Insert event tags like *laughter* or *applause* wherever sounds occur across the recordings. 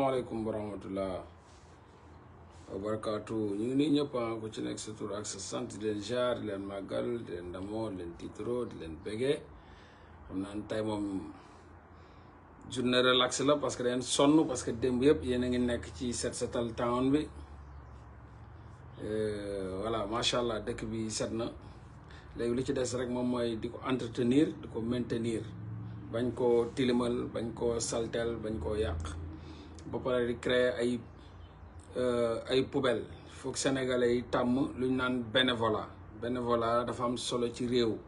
asalaamaaleykum wa rahmatullah wa barakaatu ñu ngi nii ñëpp ah, ku ci nekk sa tur ak sa sant di leen jaar di leen màggal di leen ndamoo di leen titro di leen bége xam naa ne tey moom journée relax la parce que dañ sonn parce que démb yëpp yéen a ngi nekk ci set setal town bi euh, voilà macha allah dëkk bi set na léegi lu ci des rek moom mooy di ko entretenir di ko maintenir bañ koo tilimal bañ koo saltel bañ koo yàq. ba pare di créer ay euh, ay poubelle foog sénégalais yi tàmm lu ñu naan bénévolat bénévolat dafa am solo ci réew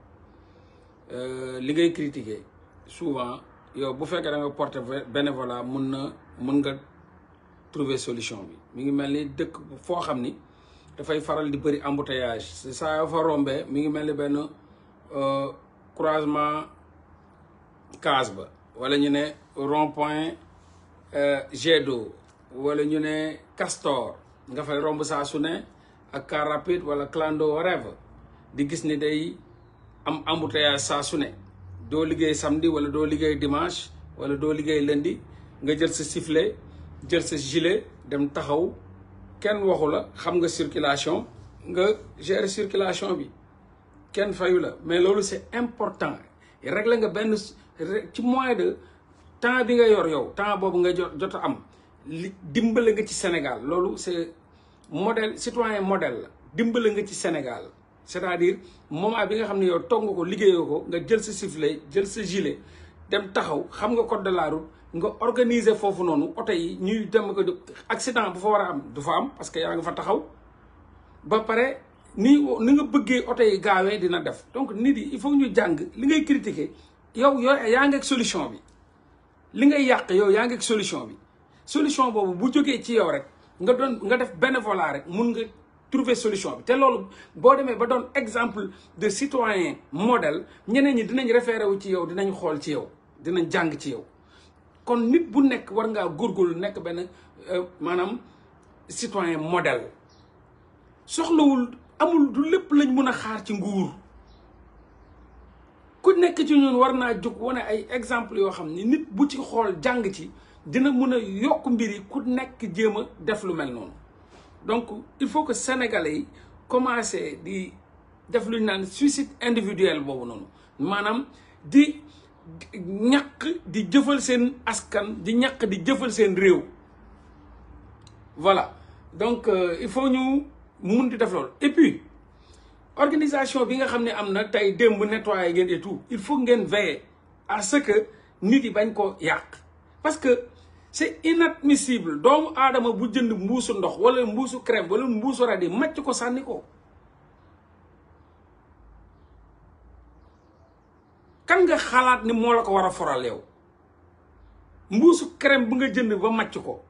euh, li ngay critiquer souvent yow bu fekkee da nga porter bénévolat mun na mun nga trouver solution bi mi ngi mel ni dëkk foo xam ni dafay faral di bëri embouteillage c'est ça yoo fa rombee mi ngi mel ni benn euh, croisement case ba wala ñu ne rond jet euh, wala ñu ne castor nga fay romb saa su ne ak car rapide wala clando whatever di gis ni day am embouteillage saa su ne doo liggéey samedi wala doo liggéey dimanche wala doo liggéey lundi nga jël sa sifflet jël sa gilet dem taxaw kenn waxu la xam nga circulation nga gérer circulation bi kenn fayu la mais loolu c'est important régler nga benn ci moyen de temps bi nga yor yow temps boobu nga jot jot a am li dimbale nga ci Sénégal loolu c'est modèle citoyen modèle la dimbale nga ci Sénégal c'est-à-dire moment bi nga xam ne yow toog nga ko liggéeyoo ko nga jël sa sifflet jël sa gilet dem taxaw xam nga code de la route nga organiser foofu noonu oto yi ñuy dem ko accident bu fa war a am du fa am parce que yaa nga fa taxaw ba pare ni ni nga bëggee oto yi gaawee dina def donc nit yi il faut ñu jàng li ngay critiquer yow yow yaa ngi solution bi. li ngay yàq yow yaa ngi solution bi solution boobu bu jógee ci yow rek nga doon nga def bénévolat rek mun nga trouver solution bi te loolu boo demee ba doon exemple de citoyen modèle ñeneen ñi dinañ référé wu ci yow dinañ xool ci yow dinañ jàng ci yow kon nit bu nekk war ngaa góorgóorlu nekk benn euh, maanaam citoyen modèle soxlawul amul du lépp lañ mun a xaar ci nguur ku nekk ci ñun war naa jóg wane ay exemple yoo xam ni nit bu ci xool jàng ci dina mun a yokk mbir yi ku nekk jéem a def lu mel noonu donc il faut que sénégalais yi commencé di def lu ñu naan suicide individuel boobu noonu maanaam di ñàkk di jëfal seen askan di ñàkk di jëfal seen réew voilà donc euh, il faut ñu mu mun di def loolu et puis organisation bi nga xam ne am na tey démb nettoyé ngeen et tout il faut ngeen veiller à ce que nit yi bañ koo yàq parce que c'est inadmissible doomu aadama bu jënd mbuusu ndox wala mbuusu crème wala mbuusu radi màcc ko sànni ko kan nga xalaat ni moo la ko war a foral yow mbuusu crème bu nga jënd ba màcc ko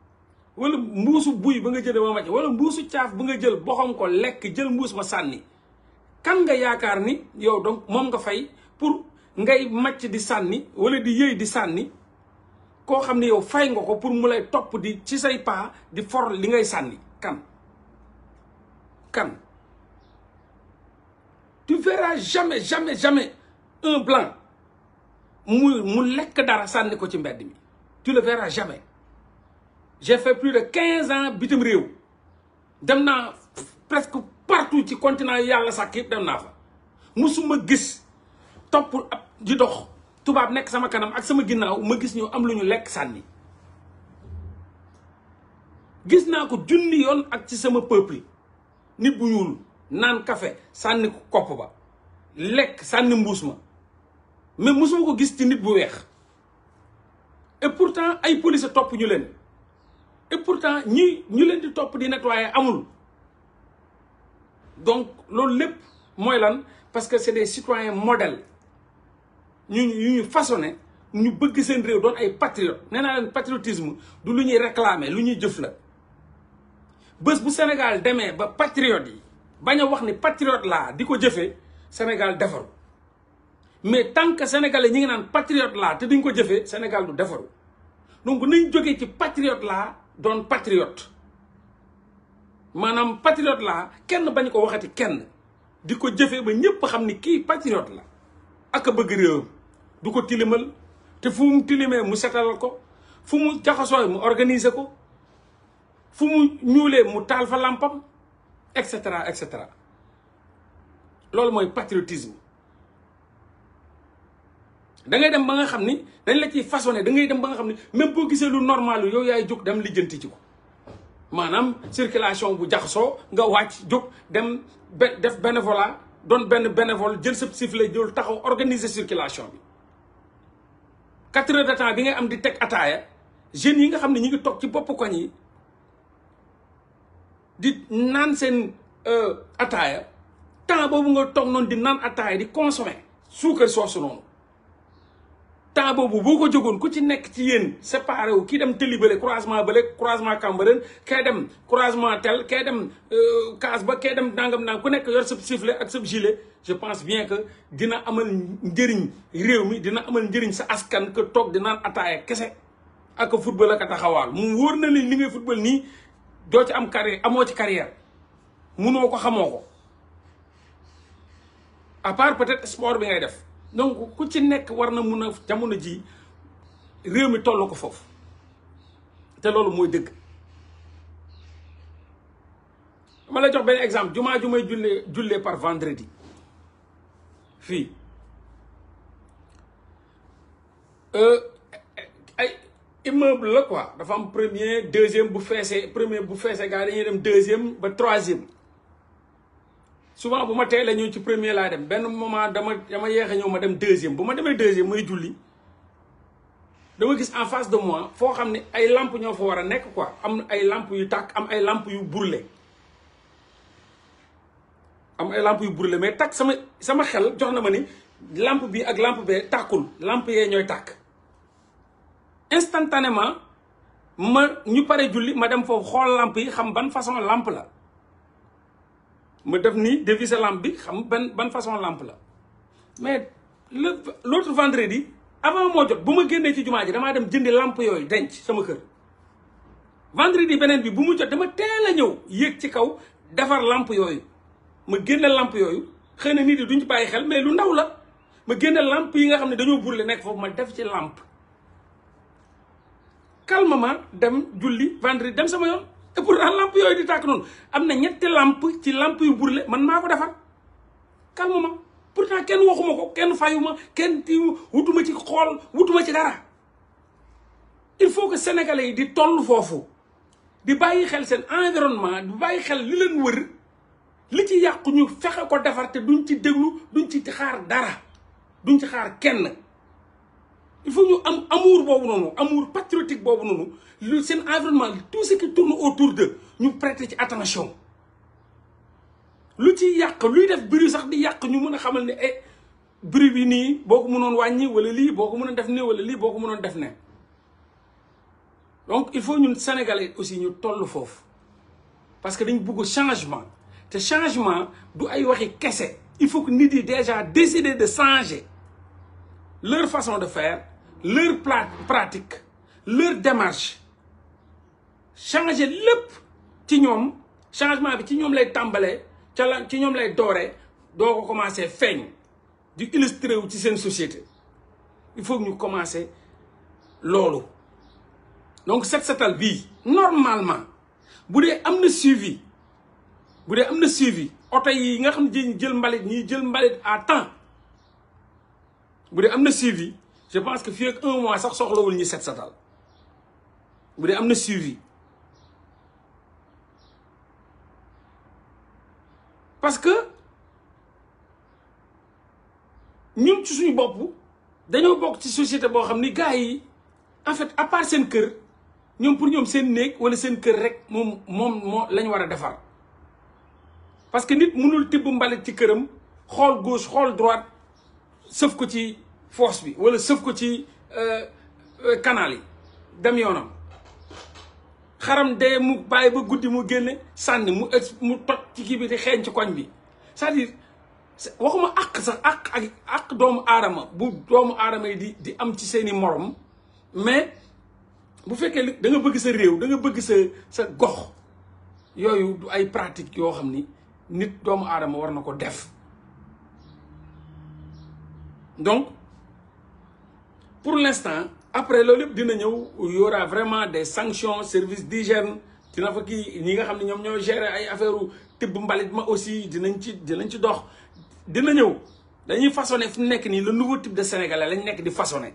wala mbuusu buy ba nga jënd ba màcc wala mbuusu caaf bu nga jël boxam ko lekk jël mbuus ma sànni kan nga yaakaar ni yow donc moom nga fay pour ngay màcc di sànni wala di yëy di sànni koo xam ne yow fay nga ko pour mu lay topp di ci say paa di for li ngay sànni kan kan tu verras jamais jamais jamais un blanc mu mu lekk dara sànni ko ci mbedd mi tu le verras jamais j'ai fait plus de quinze ans bitim réew dem naa presque partout ci continent yàlla sàkk yëpp dem naa fa musuma gis topp ab di dox tubaab nekk sama kanam ak sama ginnaaw ma gis ñu am lu ñu lekk sànni gis naa ko junni yoon ak ci sama peuple nit bu ñuul naan kafe sànni ko kopp ba lekk sànni mbuus ma mais musuma ko gis ci nit bu weex et pourtant ay police topp ñu leen et pourtant ñi ñu leen di topp di nettoyer amul donc loolu lépp mooy lan parce que c'est des citoyens modèles ñu ñu façonne ñu bëgg seen réew doon ay patriotes nee naa leen du lu ñuy réclamer lu ñuy jëf la bés bu Sénégal demee ba patriotes yi bañ a wax ni patriote laa di ko jëfe Sénégal defaru mais tant que sénégalais ñi ngi naan patriote laa te duñ ko jëfee Sénégal du defaru donc nañ jógee ci patriote laa doon patriote maanaam patriote laa kenn bañ ko waxati kenn di ko jëfee ba ñëpp xam ni kii patriote la ak bëgg réewam du ko tilimal te fu mu tilimee mu setal ko fu mu jaxasooy mu organiser ko fu mu ñuulee mu taal fa làmpam et cetera et cetera loolu mooy patriotisme da ngay dem ba nga xam ni dañ la ci façonné da ngay dem ba nga xam ni même boo gisee lu normal yow yaay jóg dem lijjanti ci ko. maanaam circulation bu jaxasoo nga wàcc jóg dem def bénévolat doon benn bénévole jël sa sifflet jël taxaw organiser circulation bi quatre heures de temps bi ngay am di teg ataaya jeunes yi nga xam ne ñu ngi toog ci bopp koñ yi di naan seen euh, ataaya temps boobu nga toog noonu di naan ataaya di consommer suukar soosu noonu temps boobu boo ko jógoon ku ci nekk ci yéen séparé wu kii dem tëli bële croisement bële croisement Cambérène kee dem croisement tel kee dem kaas euh, ba kee dem nangam nang ku nekk yor sa sifflet ak sa gilet je pense bien que dina amal njëriñ réew mi dina amal njëriñ sa askan que toog di naan ataaya kese ak football ak a taxawaal mu wóor na li li ngay football nii doo ci am carrière amoo ci carrière munoo ko xamoo ko à part peut-être sport bi ngay def donc ku ci nekk war na mun a jamono ji réew mi toll ko foofu te loolu mooy dëgg man lay jox benn exemple jumaa ju may jullee jullee par vendredi fii euh, ay immeuble la quoi dafa am premier deuxième bu feesee premier bu feesee gars dañuy dem deuxième ba troisième souvent bu ma teel a ñëw ci premier laay dem benn moment dama dama yéex a ñëw ma dem deuxième bu ma demee deuxième mooy julli dama gis en face de moi foo xam ne ay làmp ñoo fa war a nekk ko am ay làmp yu tàkk am ay làmp yu brûlé am ay yu brûlé mais tàkk sama sama xel jox na ma ni làmp bi ak làmp bee tàkkul làmp yee ñooy tàkk instantanément ma ñu pare julli ma dem foofu xool lamp yi xam ban façon làmp la ma def nii dévisser lampe bi xam ban ban façon lampe la mais le l' autre vendredi avant moo jot bu ma génnee ci jumaa ji damaa dem jëndi lampe yooyu denc sama kër vendredi beneen bi bu mu jot dama teel a ñëw yéeg ci kaw defar lampe yooyu ma génn lampe yooyu xëy na nit yi duñ ci bàyyi xel mais lu ndaw la ma génn lampe yi nga xam ne dañoo la nekk foofu ma def ci lampe calmement dem julli vendredi dem sama yoon et làmp lamp yooyu di tàkk noonu am na ñetti làmp ci lamp yu burle man maa ko defar calmement pourtant kenn waxuma ko kenn fayuma kenn ti wutuma ci xool wutuma ci dara il faut que sénégalais yi di toll foofu di bàyyi xel seen environnement di bàyyi xel li leen wër li ci yàqu ñu fexe ko defar te duñ ci déglu duñ ci xaar dara duñ ci xaar kenn il faut ñu am amour boobu noonu amour patriotique boobu noonu lu seen environnement tout ce qui tourne autour de ñu prêter ci attention lu ci yàq luy def bruit sax di yàq ñu mën a xamal ne eh bruit bi nii boo ko mënoon wàññi wala lii boo ko mënoon def ne wala lii boo mënoon def ne donc il faut ñun sénégalais aussi ñu toll foofu parce que dañu bugg changement te changement du ay waxi kese il faut que nit yi déjà décider de changer leur façon de faire leur pratique leur démarche changer lépp ci ñoom changement bi ci ñoom lay tàmbalee ca la ci ñoom lay dooree doo ko commencé feeñ di illustrer wu ci seen société il faut ñu commencer loolu donc set setal bii normalement bu dee am na suivi bu dee am na suivi oto yi nga xam ne jël mbalit ñiy jël mbalit à temps bu dee am na suivi je pense que fii ak un mois sax soxlawul ñu set satal bu dee am na suivi parce que ñun ci suñu bopp dañoo bokk ci société boo xam ni gars yi en fait à part seen kër ñoom pour ñoom seen néeg walla seen kër rek moom moom lañu war a defar parce que nit munul tibb mbalit ci këram xool gauche xool droite sëf ko ci force bi wala sëf ko ci euh, euh, canal yi dem yoonam xaram de mu bàyyi ba guddi mu génne sànni mu ex mu toj ci kii di xeeñ ci koñ bi c'est-à-dire waxuma àq sax àq ak àq doomu aadama bu doomu aadama yi di di am ci seeni morom mais bu fekkee da nga bëgg sa réew da bëgg sa sa gox yooyu du ay pratique yoo xam ni nit doomu aadama war na ko def donc pour l'instant après loolu yëpp dina ñëw y aura vraiment des sanctions service d'hygiène dina fa kii ñi nga xam ne ñoom ñoo gérer ay affaire tibb mbalit ma aussi dinañ ci dinañ ci dox dina ñëw dañuy façonné fu nekk nii le nouveau type de sénégalais lañ nekk di façonné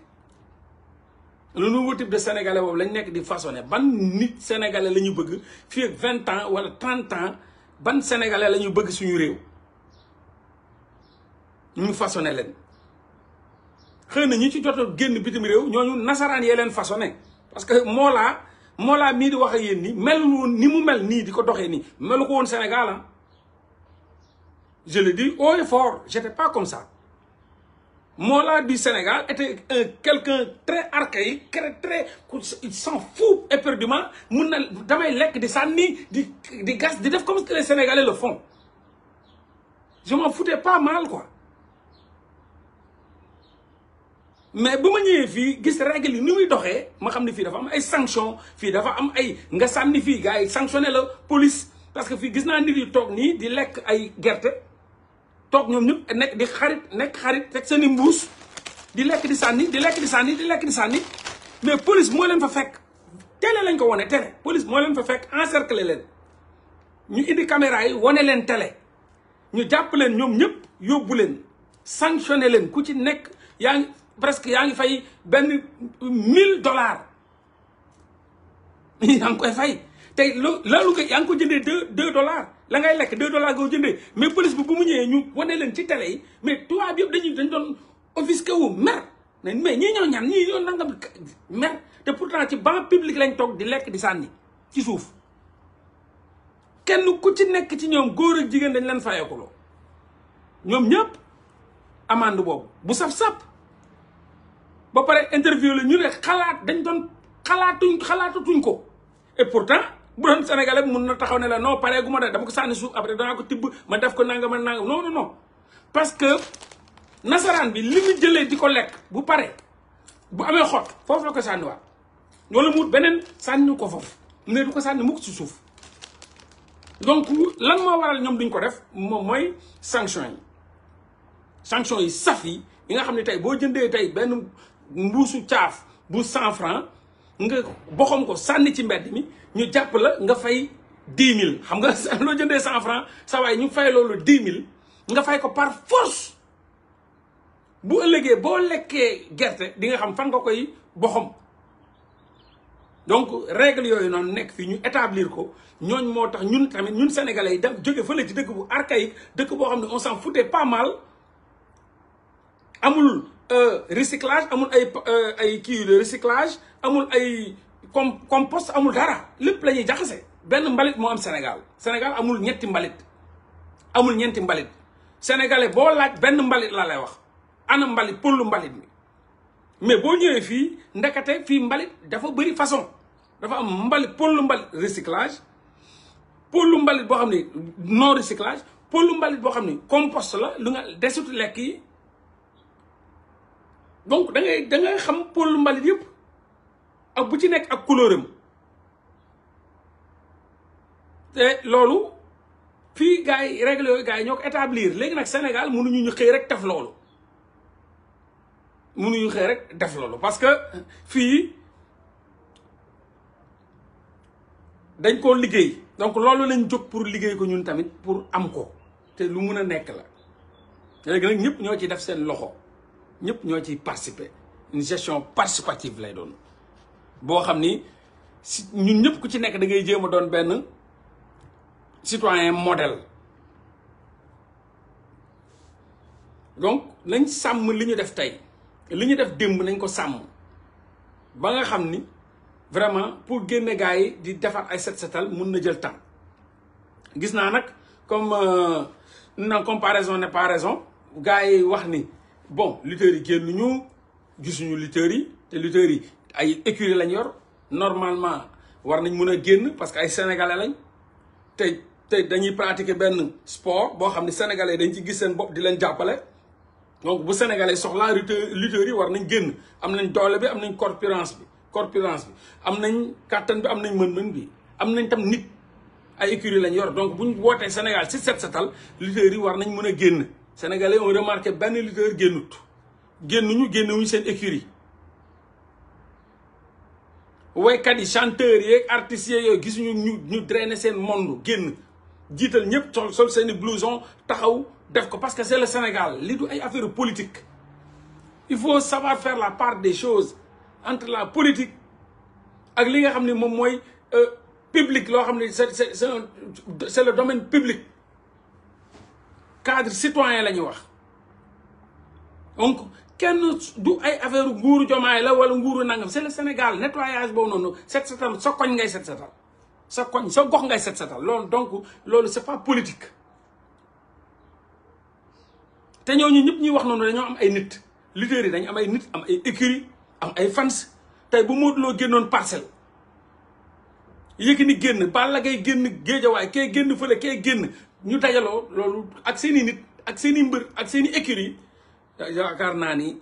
le nouveau type de sénégalais boobu lañ nekk di façonné ban nit sénégalais la ñu bëgg fii ak vingt ans wala trente ans ban sénégalais la ñu bëgg suñu réew ñu façonné leen xëy na ñi ci jot a génn bitim réew ñooñu nasaraan yee leen façonné parce que Mollah Mollah mii di wax ak yéen nii melul woon ni mu mel nii di ko doxee nii melu ko woon Sénégal ah je le dis haut et fort j'étais pas comme ça Mollah du Sénégal était un quelqu'un très archaïque très très il s'en fout éperdument mun na damay lekk di sànni di di gas di def comme les Sénégalais le font je m'en foutais pas mal quoi mais bu ma ñëwee fii gis règle yi ni muy doxee ma xam ne fii dafa am ay sanction fii dafa am ay nga sànni fii gars yi sanctionné la police parce que fii gis naa nit yi toog nii di lekk ay gerte toog ñoom ñëpp nekk xarit nekk xarit teg seen i di lekk di sànni di lekk di di lekk sànni mais police moo leen fa fekk télé lañ ko wane télé police moo leen fa fekk en encercler leen ñu indi caméra yi wane leen télé ñu jàpp leen ñoom ñëpp yóbbu leen sanctionné leen ku ci nekk yaa presque yaa ngi fay benn mille dollars *laughs* yaa ngi koy tey lo loolu ko ko jëndee deux deux la ngay lekk deux dollars goo jëndee mais police bi bu mu ñëwee ñu wane leen ci télé yi mais tubaab yëpp dañuy dañ doon offisqué wu mer mais ñii ñoo ñaan ñii ñoo nangam mer te pourtant ci banc public lañ toog di lekk di sànni ci suuf kenn ku ci nekk ci ñoom góor ak jigéen dañ leen fayeekuloo ñoom ñëpp amande boobu bu saf-sap ba pare interview la ñu ne xalaat dañ doon xalaatuñ xalaatatuñ ko et pourtant bu doon sénégalais mun na taxaw ne la non pare gu ma def dama ko sànni suuf après danaa ko tibb ma def ko nangam ak nangam non non non parce que nasaraan bi li mu jëlee di ko lekk bu pare bu amee xot foofu la ko sànniwaat wala mu wut beneen sànni ko foofu ne du ko sànni mukk ci suuf donc lan moo waral ñoom duñ ko def moom mooy sanction yi sanction yi saf yi yi nga xam ne tey boo jëndee tey benn mbuusu caaf bu cent franc nga boxom ko sànni ci mbedd mi ñu jàpp la nga fay dix mille xam nga *laughs* loo jëndee cent franc sa ñu fay loolu dix mille nga fay ko par force bu ëllëgee boo lekkee gerte di nga xam fan nga koy boxam donc règle yooyu noonu nekk fii ñu établir ko ñooñ moo tax ñun tamit ñun sénégalais yi dem jóge fële ci dëkk bu archaïque dëkk boo xam ne on s'en foutait pas mal amul Euh, recyclage amul ay euh, ay kii amul ay com compost amul dara lépp lañuy ñuy jaxase benn mbalit moo am Sénégal Sénégal amul ñetti mbalit amul ñeenti mbalit sénégalais boo laaj benn mbalit laa lay wax ana mbalit pëllu mbalit mi mais boo ñëwee fii ndekete fii mbalit dafa bëri façon dafa am mbalit pëllu mbalit recyclage pëllu mbalit boo xam ne non recyclage pëllu mbalit boo xam ne compost la lu nga desut lekk yi donc da ngay da ngay xam pôle mbalit yëpp ak bu ci nekk ak couleuram te loolu fii gars yi règle yooyu gars yi ñoo ko établir léegi nag Sénégal munuñu ñu xëy rek def loolu mënuñu xëy parce que fii dañ koo liggéey donc loolu lañ jóg pour liggéey ko ñun tamit pour am ko te lu mun a nekk la léegi nag ñëpp ñoo ci def seen loxo ñëpp ñoo ci participer une gestion participative lay doon boo xam ni si ñun ñëpp ku ci nekk da ngay jéem a doon benn citoyen modèle donc nañ sàmm li ñu def tey li ñu def démb nañ ko sàmm ba nga xam ni vraiment pour génne gars yi di defar ay set setal mun na jël temps gis naa nag comme euh, na comparaison ne pas raison gars yi wax ni bon lutteurs yi génn ñu gisuñu lutteurs yi te lutteurs yi ay écurie lañ yor normalement war nañ mun a génn parce que ay sénégalais lañ te te dañuy pratiquer benn sport boo xam ne sénégalais dañ ci gis seen bopp di leen jàppale donc bu sénégalais soxlaa lutteurs yi war nañ génn am nañ doole bi am nañ corpulence bi corpulence bi am nañ kàttan bi am nañ mën-mën bi am nañ tam nit ay écurie lañ yor donc buñ wootee Sénégal si set setal lutteurs yi war nañ mën a génn sénégalais ont remarqué benn lutteur génnut ñu génnewuñu seen écurie waykat yi chanteurs yeeg artistes yooyu gisuñu ñu ñu drainer seen monde génn jiital ñëpp sol sol seeni blouson taxaw def ko parce que c'est le Sénégal li du ay affaire politique il faut savoir faire la part des choses entre la politique ak li nga xam ne moom mooy euh, public loo xam ne c'est c'est c'est le domaine public cadre citoyen lañuy wax donc kenn du ay affaire nguuru jomaay la wala nguuru nangam c'est le Sénégal nettoyage boobu noonu set setal sa koñ ngay set setal sa koñ sa gox ngay set setal loolu donc loolu c'est pas politique te ñooñu ñëpp ñuy wax noonu dañoo am ay nit leaders yi dañu am ay nit am ay écurie am ay fans tey bu Modou loo génnoon parcelle Yékini génn la Gaye génn géejawaay kee génn fële kee génn ñu dajaloo loolu ak seen nit ak seen i mbër ak seeni i écurie yaakaar naa ni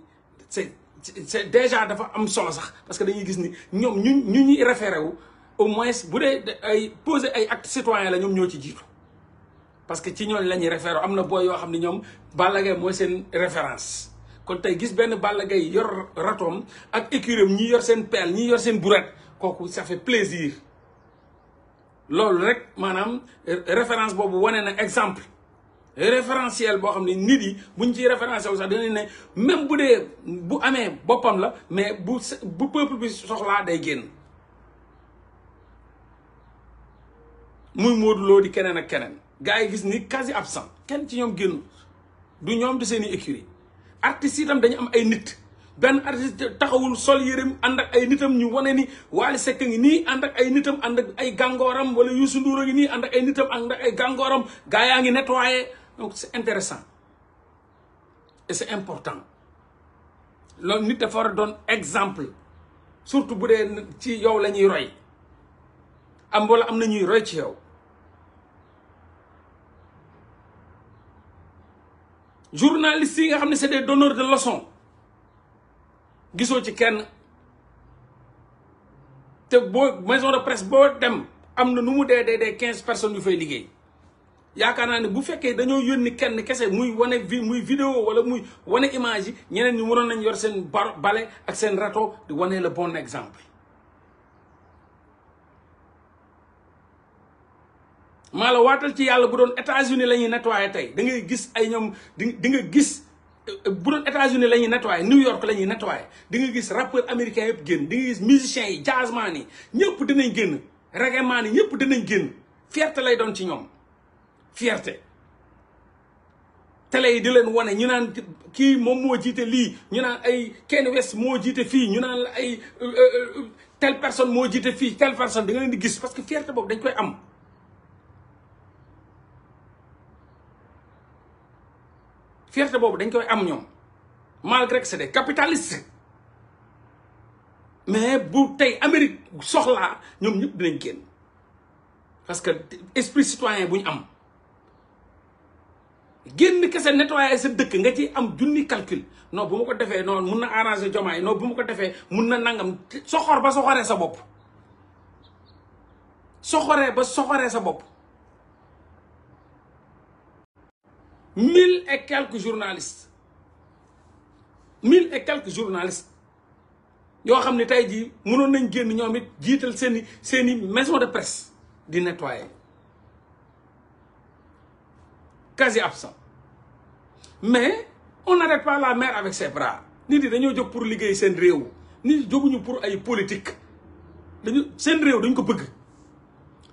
c'est c'est déjà dafa am solo sax parce que dañuy gis ni ñoom ñu ñu ñu référé wu au moins bu dee ay poser ay ak citoyens la ñoom ñoo ci jiitu parce que ci ñooñu la ñuy référé am na booy yoo xam ne ñoom Balla Gaye mooy seen référence kon tey gis benn Balla Gaye yor ratoom ak écurie ñi yor seen pelle ñi yor seen burette kooku ça fait plaisir loolu rek maanaam euh, référence boobu wane na exemple référentiel boo xam ne nit yi buñ ciy référencé wu sax dinañ ne même bu dee bu amee boppam la mais bu bu peuple bi soxlaa day génn muy Modou Lo di keneen ak keneen gars yi gis ni quasi absent kenn ci ñoom génn du ñoom du seen i écurie artistes yi tam dañu am ay nit benn artiste taxawul sol yërëm ànd ak ay nitam ñu wane ni Wally Seck ngi nii ànd ak ay nitam ànd ak ay gàngooram wala yu Ndour a ngi nii ànd ak ay nitam ànd ak ay gàngooram gaa yaa ngi nettoyé donc c'est intéressant et c'est important loolu nit dafa war a doon exemple surtout bu dee ci yow lañuy ñuy roy am wala am na ñuy roy ci yow journalistes yi nga xam ne c'est des donneurs de leçons gisoo ci kenn te boo maison de presse boo dem am na nu mu dee dee dee quinze personnes yu fay liggéey yaakaar naa ne bu fekkee dañoo yónni kenn kese muy wane vi muy vidéo wala muy wane image yi ñeneen ñi waroon nañ yor seen bar bale ak seen rato di wane la bon exemple maa la waatal ci yàlla bu doon États-Unis la ñuy nettoyé tey da ngay gis ay ñoom di di gis bu doon États-Unis la ñuy nettoyé New York la ñuy nettoyé di gis rappeur américain yëpp génn di nga gis musiciens yi jazzman yi ñëpp dinañ génn reggae man yi ñëpp dinañ génn fierté lay doon ci ñoom fierte tele yi di leen wane ñu naan kii moom moo jiite lii ñu naan ay Kanye West moo jiite fii ñu naan ay euh, euh, euh, telle personne moo jiite fii telle personne da nga leen di gis parce que fierté boobu dañ koy am fierté boobu dañ koy am ñoom malgré que c'est des capitalistes mais bu tey Amérique soxlaa ñoom ñëpp dinañ génn parce que esprit citoyen bu ñu am génn kese nettoyer sa dëkk nga ci am junni calcul non bu ma ko defee noonu mun na arranger jomaay noo bu ma ko defee mun na nangam soxor ba soxoree sa bopp soxoree ba soxoree sa bopp mille et quelques journalistes mille et quelque journalistes yoo xam ne tey jii mënoon nañ génn ñoom it jiital seeni seeni maison de presse di nettoyer quasi absent mais on n'arrête pas la mer avec ses nit yi dañoo jóg pour liggéey seen réew nit yi jóguñu pour ay politique dañu seen réew dañ ko bëgg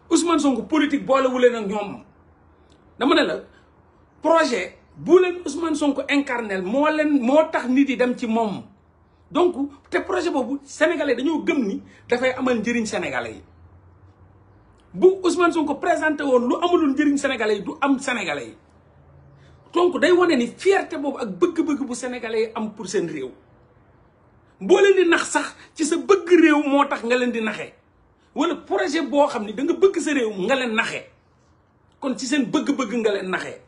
Ousmane Sonko politique boolewuleen ak ñoom dama ne la. projet bu leen Sonko incarnel moo leen moo tax nit yi dem ci moom donc te projet boobu sénégalais dañoo gëm ni dafay amal njëriñ sénégalais yi bu Ousmane Sonko présenté woon lu amalul njëriñ sénégalais yi du am sénégalais yi donc day wane ni fierté boobu ak bëgg-bëgg bu sénégalais yi am pour seen réew boo leen di nax sax ci sa bëgg réew moo tax nga leen di naxe wala projet boo xam ni da nga bëgg sa réew nga leen naxe kon ci seen bëgg-bëgg nga leen naxee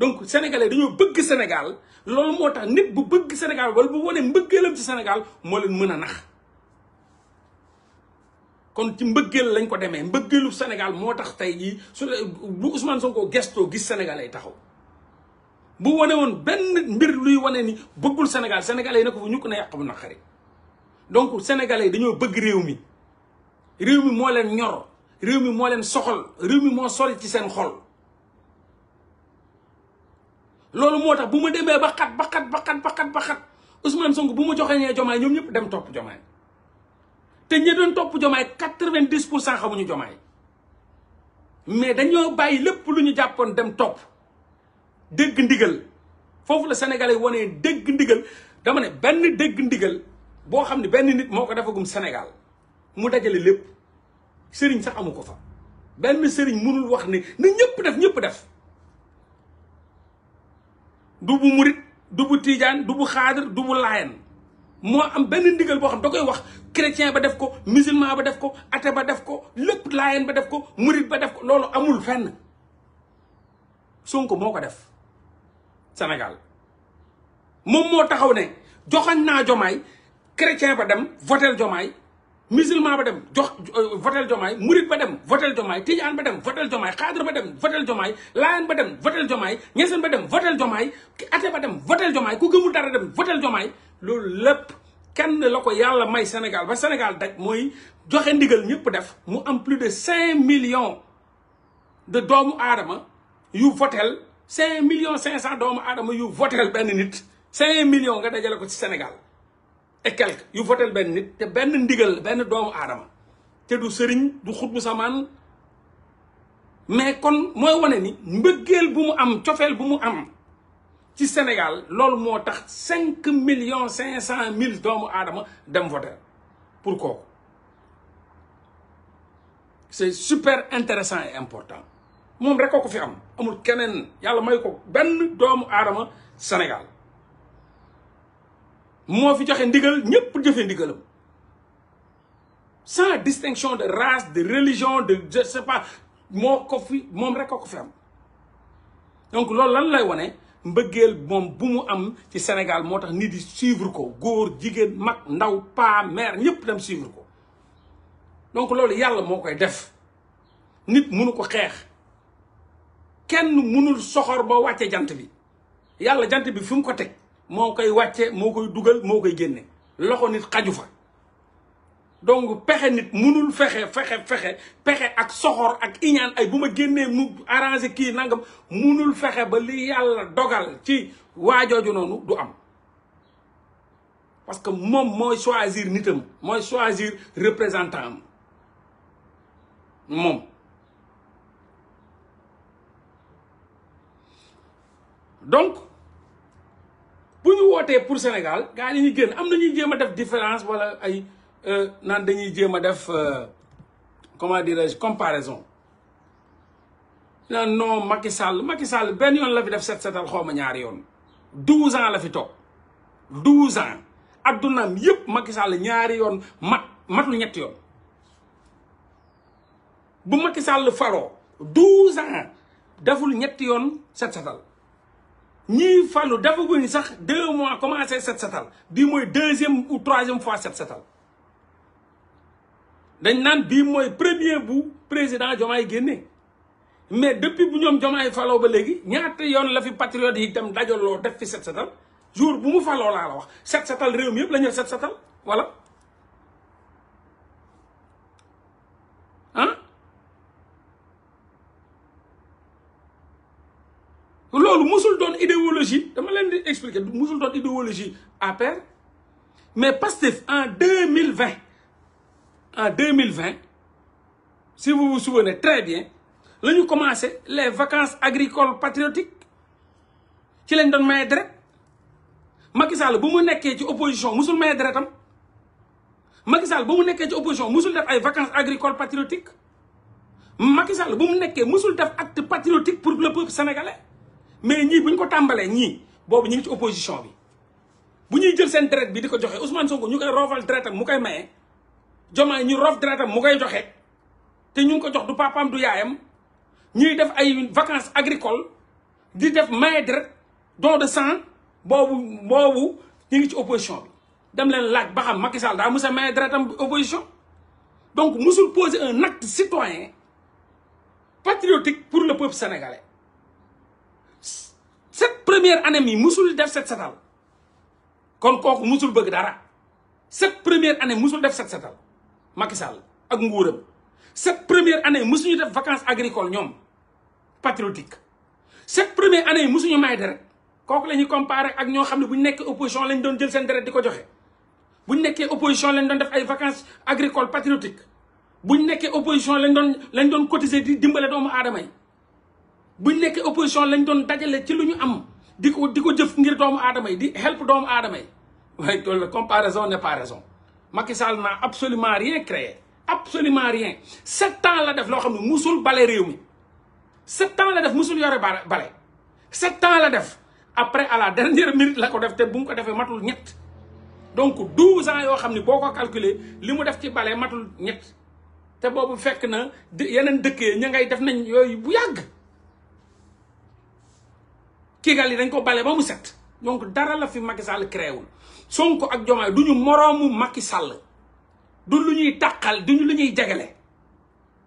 donc sénégalais dañoo bëgg Sénégal loolu moo tax nit bu bëgg Sénégal wala bu wane mbëggeelam ci Sénégal moo leen mën a nax kon ci mbëggeel lañ ko demee mbëggeelu Sénégal moo tax tey jii su bu Ousmane Sonko gestoo gis sénégalais taxaw bu wane woon benn mbir luy wane ni bëggul Sénégal sénégalais ne ko ñu ko na yàq bu naqari donc sénégalais dañoo bëgg réew mi réew mi moo leen ñor réew mi moo leen soxal réew mi moo sori ci seen xol. loolu moo tax bu ma demee ba xat ba xat ba xat ba xat ba xat Ousmane Sonko bu ma joxeñee jomaay ñoom ñëpp dem topp jomaay te ñi doon topp jomaay quatre-vingt-dix pour cent xamuñu jomaay mais dañoo bàyyi lépp lu ñu jàppoon dem topp dégg ndigal foofu la Sénégalais yi wanee dégg ndigal dama ne benn dégg ndigal boo xam ne benn nit moo ko defagum Sénégal mu dajale lépp sëriñ sax amu ko fa benn sëriñ mënul wax ni na ñëpp def ñëpp def du murit du tiijaan du bu xaadir du bu moo am benn ndigal boo xam da koy wax chrétien ba def ko musulman ba def ko athée ba def ko lépp laayan ba def ko murit ba def ko loolu amul fenn Sonko moo ko def Sénégal moom moo taxaw ne joxañ naa jomaay cretien ba dem votel jomaay musulman ba dem jox euh, votel jomaay murit ba dem votel jomaay tijaan ba dem votel jomaay xaadir ba dem votel jomaay laayeen ba dem votel jomaay ñeseen ba dem votel jomaay ate ba dem votel jomaay ku gëmul dara dem votel jomaay loolu lépp kenn la ko yàlla may Sénégal ba Sénégal daj mooy joxe ndigal ñëpp def mu am plus de cinq millions de doomu aadama yu votel cinq millions cinq cent doomu adama yu votel benn nit cinq millions nga dajale ko si Sénégal et quelque yu votel benn nit te benn ndigal benn doomu aadama te du sëriñ du xut bu samaan mais kon mooy wane ni mbëggeel bu mu am cofeel bu mu am ci Sénégal loolu moo tax cinq millions cinq cent mille doomu aadama dem votel pour kooku c'est super intéressant et important moom rek ko ko fi am amul keneen yàlla may ko benn doomu aadama Sénégal moo fi joxe ndigal ñëpp jëfe ndigalam sans distinction de race de religion de je se pas moo ko fi moom rekk a ko fi am donc loolu lan lay wane mbëggeel moom bu mu am ci Sénégal moo tax nit di suivre ko góor jigéen mag ndaw paa mère ñëpp dem suivre ko donc loolu yàlla moo koy def nit munu ko xeex kenn mënul soxor ba wàcce jant bi yàlla jant bi fi mu ko teg moo koy wàcce moo koy dugal moo koy génne loxo nit xaju fa donc pexe nit munul fexe fexe fexe pexe ak soxor ak iñaan ay bu ma génnee mu arrangé kii nangam munul fexe ba li yàlla dogal ci waajooju noonu du am parce que moom mooy choisir nitam mooy choisir représentant am moom donc bu ñu wootee pour Sénégal gars yi dañuy génn am na ñuy a def différence wala ay euh, naan dañuy jéem a def euh, comment dirais-je comparaison naan non Macky Sall Macky Sall benn yoon la fi def set setal xaw ma ñaari yoon douze ans la fi toog douze ans addunaam yëpp Macky Sall ñaari yoon mat matul ñetti yoon bu Macky Sall faroo douze ans deful ñetti yoon set setal ñii falu dafa ñu sax deux mois commencé set setal bii mooy deuxième ou troisième fois set setal dañ naan bii mooy premier bu président Diomaye génne mais depuis bu ñoom Diomaye faloo ba léegi ñaata yoon la fi patriote yi dem dajaloo def fi set setal jour bu mu faloo laa la wax set setal réew mi yëpp la ñu set setal voilà loolu musul doon idéologie dama leen di expliquer musul doon idéologie APR mais Pastef en deux mille vingt en deux mille vingt si vous vous souvenez bien la ñu commencé les vacances agricoles patriotiques ci lañ doon maye deret Macky ba mu nekkee ci opposition musul maye deretam Macky Sall bu mu nekkee ci opposition musul def ay vacances agricoles patriotiques Macky Sall mu nekkee musul def acte patriotique pour le peuple sénégalais. mais ñii bu ñu ko tàmbalee ñii boobu ñu ngi ci opposition bi bu ñuy jël seen deret bi di ko joxe Ousmane ko ñu koy roofal deretam mu koy maye Diomaye ñu roof deretam mu koy joxe te ñu ngi ko jox du papaam du yaayam ñuy def ay vacances agricole di def maye deret don de sang boobu boobu ñu ngi ci opposition bi dem leen laaj ba xam Macky Sall daa mos a maye deretam opposition donc musul poser un acte citoyen patriotique pour le peuple sénégalais cette première année mi musul def set setal kon kooku musul bëgg dara cette première année musul def set setal Macky Sall ak nguuram cette première année musuñu def vacances agricole ñoom patriotique cette première année musuñu may deret kooku la ñuy comparé ak ñoo xam ne bu ñu nekkee opposition lañ doon jël seen deret di ko joxe bu ñu nekkee opposition lañ doon def ay vacances agricoles patriotique bu ñu nekkee opposition lañ doon lañ doon cotiser di dimbale doomu aadama bu ñu nekkee opposition lañ doon dajale ci lu ñu am di ko di ko jëf ngir doomu aadama yi di help doomu aadama yi waaye loolu la comparaison n'est pas raison Macky Sall n'a absolument rien créé absolument rien sept la def loo xam ne musul bale réew mi sept la def musul yore bale sept ans la def après à la dernière minute la ko def te bu mu ko defee matul ñett donc douze ans yoo xam ne boo ko calculer li mu def ci bale matul ñett te boobu fekk na yeneen dëkk yi ña ngay def nañ yooyu bu yàgg Kigali dañ ko bale ba mu set donc dara la fi Macky Sall créé wul Sonko ak Diomaye du ñu moroomu Macky Sall du lu ñuy tàqal du ñu lu ñuy jagale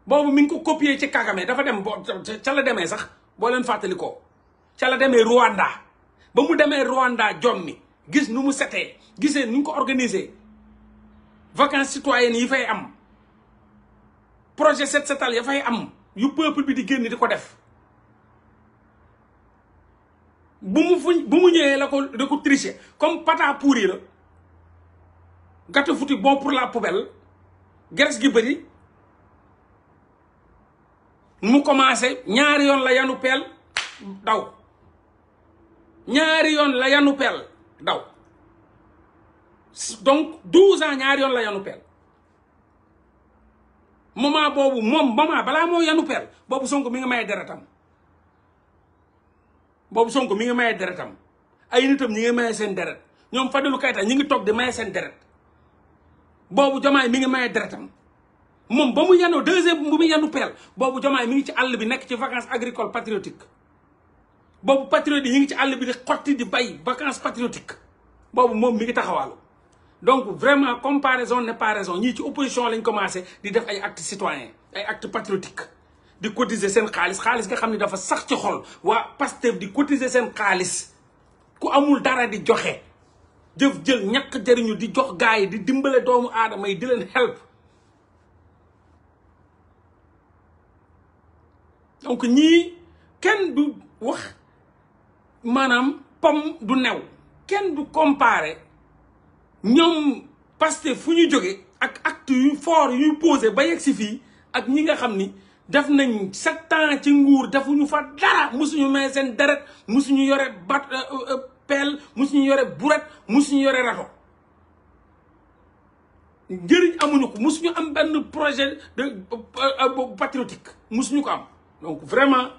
boobu mi ngi ko copier ci Kagame dafa dem boo ca la demee sax boo leen fàttali ko ca la demee Rwanda ba mu demee Rwanda jommi gis nu mu setee gisee nu ko organiser vacances citoyennes yi fay am projet set setal ya fay am yu peuple bi di génn di ko def bu mu fuñ bu mu ñëwee la ko da ko tricher comme pata pourri la gâteau foutu boo pour la poubelle graisse gi bëri mu commencé ñaari yoon la yanu peel daw ñaari yoon la yanu peel daw donc douze ans ñaari yoon la yanu peel moment boobu moom moment balaa moo yanu peel boobu Sonko mi nga may deretam boobu Sonko mi ngi maye deretam ay nitam ñi ngi maye seen deret ñoom Fadilou Keita ñi ngi toog di maye seen deret boobu Diomaye mi ngi maye deretam moom ba mu yanoo deuxième bu mu yanu peel boobu Diomaye mi ngi ci àll bi nekk ci vacances agricole patriotiques boobu patriote yi ngi ci àll bi di xotti di bay vacances patriotiques boobu moom mi ngi taxawaalu donc vraiment comparaison n'est pas raison ñii ci opposition lañ commencé di def ay actes citoyens ay di cotiser seen xaalis xaalis nga xam ne dafa sax ci xol waa Pastef di cotiser seen xaalis ku amul dara di joxe jëf jël ñàkk jëriñu di jox gaay yi di dimbale doomu aadama yi di leen help donc ñii kenn du wax maanaam pom du new kenn du comparer ñoom Pastef fu ñu jóge ak acte yu fort yu posé ba yegg si fii ak ñi nga xam ni def nañ sept ans ci nguur defuñu fa dara musuñu may seen deret musuñu yore bat euh, euh, euh, peel musuñu yore buret musuñu yore rato njëriñ amuñu ko musuñu am benn projet de patriotique musuñu ko am donc vraiment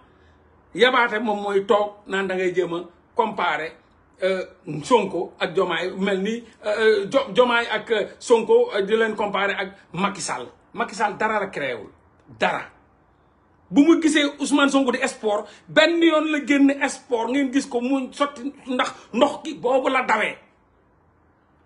yabaate moom mooy toog naan da ngay jéem a comparer Sonko ak Jomaay mel ni Jomaay ak Sonko di leen comparer ak Macky Sall Macky Sall dara la créewul dara bu mu gisee Ousmane Sonko di sport benn yoon la génn sport ngeen gis ko mu sotti ndax ndox gi boobu la dawee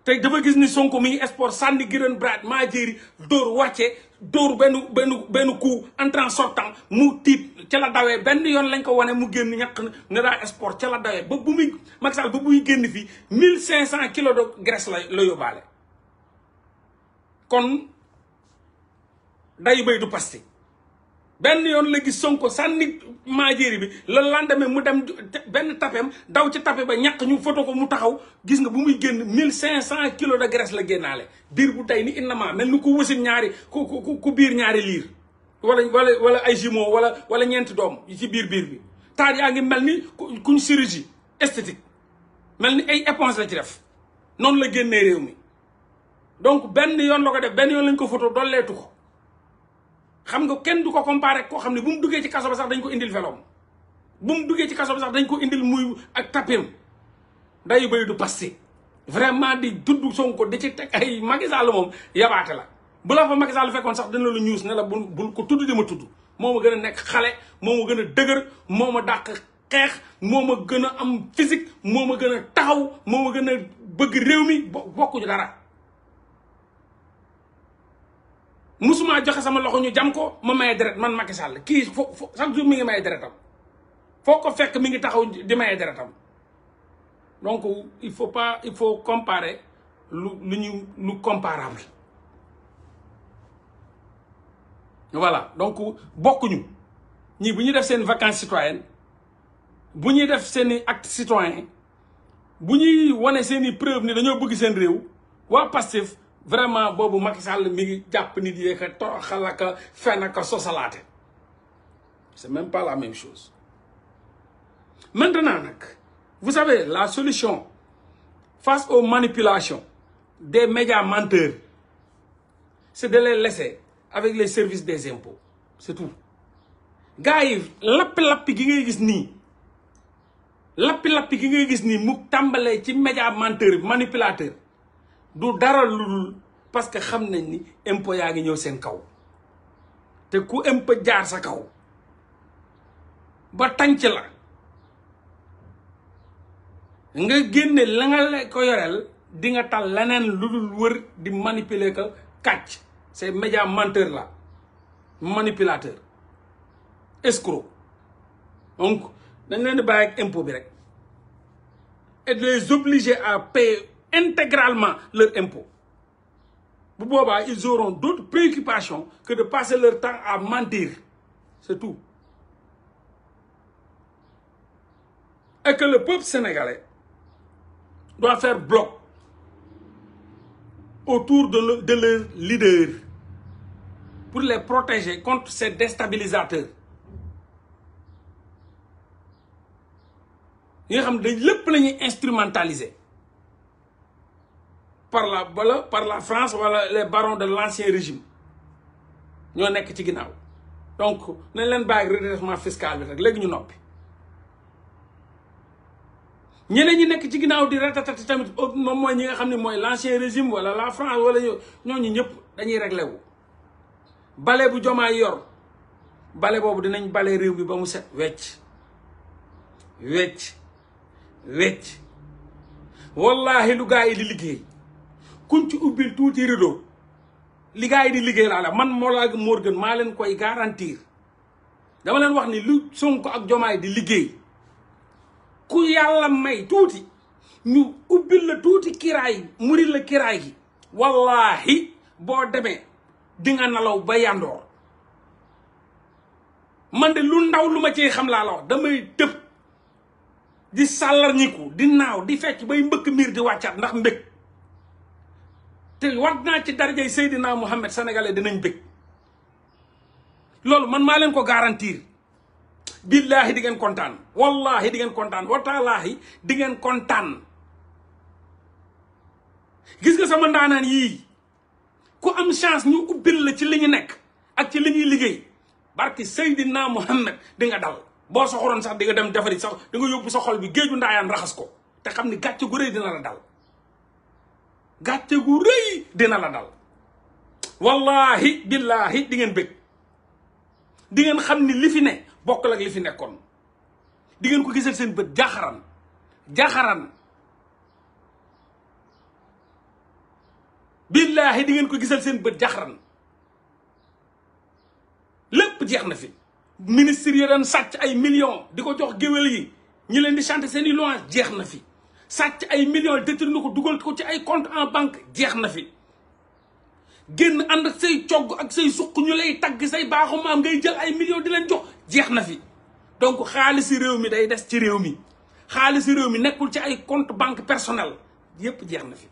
te dafa gis ni Sonko mi sport sànni giren brad maa jéeri dóor wàcce dóor benn benn benn coup entrant sortant mu tiit ca la dawee benn yoon lañ ko wane mu génn ñàkk ne daa sport ca la dawee ba bu muy Macky Sall ba buy génn fii mille cinq cent kilo de graisse la la yóbbaale kon dayu bay du pasti benn yoon la gis Sonko sànni maajéeri bi la lendemain mu dem benn tapem daw ci tape ba ñàkk ñu foto ko mu taxaw gis nga bu muy génn mille cinq cent kilos de graisse la génnaale biir bu tey ni innama mel ni ku wasin ñaari ku ku ku biir ñaari liir wala wala wala ay jumeaux wala wala ñeenti doom ci biir biir bi taar yaa ngi mel ni kuñ chirurgie esthétique mel ni ay éponge la ci def noonu la génnee réew mi donc benn yoon la ko def benn yoon lañ ko foto dolleetu ko xam nga kenn du ko comparé koo xam ne bu mu duggee ci kaso ba sax dañ ko indil veloom bu mu duggee ci kaso sax dañ ko indil muy ak tapim day bay du passé vraiment di tudd Sonko di ci teg ay Macky Sall moom yabaate la bu la fa Macky fekkoon sax dina la ñuus ne la bul bul ko tudd di ma tudd moo ma gën a nekk xale moo ma gën a dëgër moo ma dàq xeex moom a gën a am physique moom a gën a taxaw moo ma gën a bëgg réew mi bokkuñu dara musuma joxe sama loxo ñu jam ko ma maye deret man Macky Sall kii fo fo chaque jour mi ngi maye deretam foo ko fekk mi ngi taxaw di maye deretam donc il faut pas il faut comparer lu lu ñu lu comparable voilà donc bokkuñu ñii bu ñuy def seen vacances citoyennes bu ñuy def seeni acte citoyen bu ñuy wane seeni preuve ni dañoo bëgg seen réew waa Pastef vraiment boobu Macky Sall mi ngi jàpp nit yee ka toroxal ak a fen ak a sosalaate c'est même pas la même chose maintenant nag vous savez la solution face au manipulation des médias menteurs c'est de les laisser avec le service des impôts c'est tout gars yi lappi-lappi gi ngay gis nii lappi-lappi gi ngay gis nii mu tàmbalee ci média menteur manipulateur du dara lu dul parce que xam nañ ni impo yaa ngi ñëw seen kaw te ku impôt jaar sa kaw ba tànc la nga génne la nga ko yoreel di nga tal leneen lu dul wër di manipuler ko kàcc ces médias menteurs là manipulateur donc dañ leen di bàyyi ak impôt bi rek et les obliger à payer intégralement leur impôt bu boobaa ils auront d'autres préoccupations que de passer leur temps à mentir c'est tout et que le peuple sénégalais doit faire bloc autour de, le, de leurs leaders pour les protéger contre ces déstabilisateurs yi nga xam ne lépp la ñuy instrumentaliser par la bala par la France wala les barons de l'ancien régime ñoo nekk ci ginnaaw donc nañ leen bàyyi redressement fiscal bi rek léegi ñu noppi ñeneen ñi nekk ci ginnaaw di ratatati tamit moom mooy ñi nga xam ne mooy l'ancien régime wala la France wala ñooñu ñëpp dañuy réglé wu bale bu jomaay yor bale boobu dinañ bale réew bi ba mu set wecc wecc wecc wallaahi lu gaa yi di liggéey kuñ ci ubbil tuuti rideau yi di liggéey laa la man Mollah Morgun maa leen koy garantir dama leen wax ni lu Sonko ak Jomaay di liggéey ku yàlla may tuuti ñu ubbil la tuuti kiraay muril la kiraay gi wallaahi boo demee di nga nalaw ba yandoor man de lu ndaw lu ma ci xam laa la wax damay tëb di sàllarñiku di naaw di fecc bay mbëkk miir di wàccaat ndax mbëkk te wat naa ci darajay Seydina Mohamed sénégalais dinañ bëgg loolu man maa leen ko garantir billaahi di ngeen kontaan wallaahi di ngeen kontaan wataalaahi di ngeen kontaan gis nga sama ndaanaan yii ku am chance ñu ubbil la ci li ñu nekk ak ci li ñuy liggéey barki Seydina Mohamed di nga dal boo soxoroon sax di nga dem defari sax di nga yóbbu sa xol bi géeju ndaayaan raxas ko te xam ni gàcce gu rëy dina la dal gàcce gu rëy dina la dal wallahi billahi di ngeen bëgg di ngeen xam ni li fi ne bokkul ak li fi nekkoon di ngeen ko gisal seen bët jaxaran jaxaraan billahi di ngeen ko gisal seen bët jaxaran lépp jeex na fi ministre yi daan sàcc ay million di ko jox géwél yi ñi leen di chanter seen i louange jeex na fi sàcc ay millions détourné ko dugal ko ci ay compte en banque jeex na fi génn ànd ak say cogg ak say suq ñu lay tagg say baaxu maam ngay jël ay millions di leen jox jeex na fi donc xaalisi réew mi day des ci réew mi xaalisi réew mi nekkul ci ay compte banque personnel yépp jeex na fi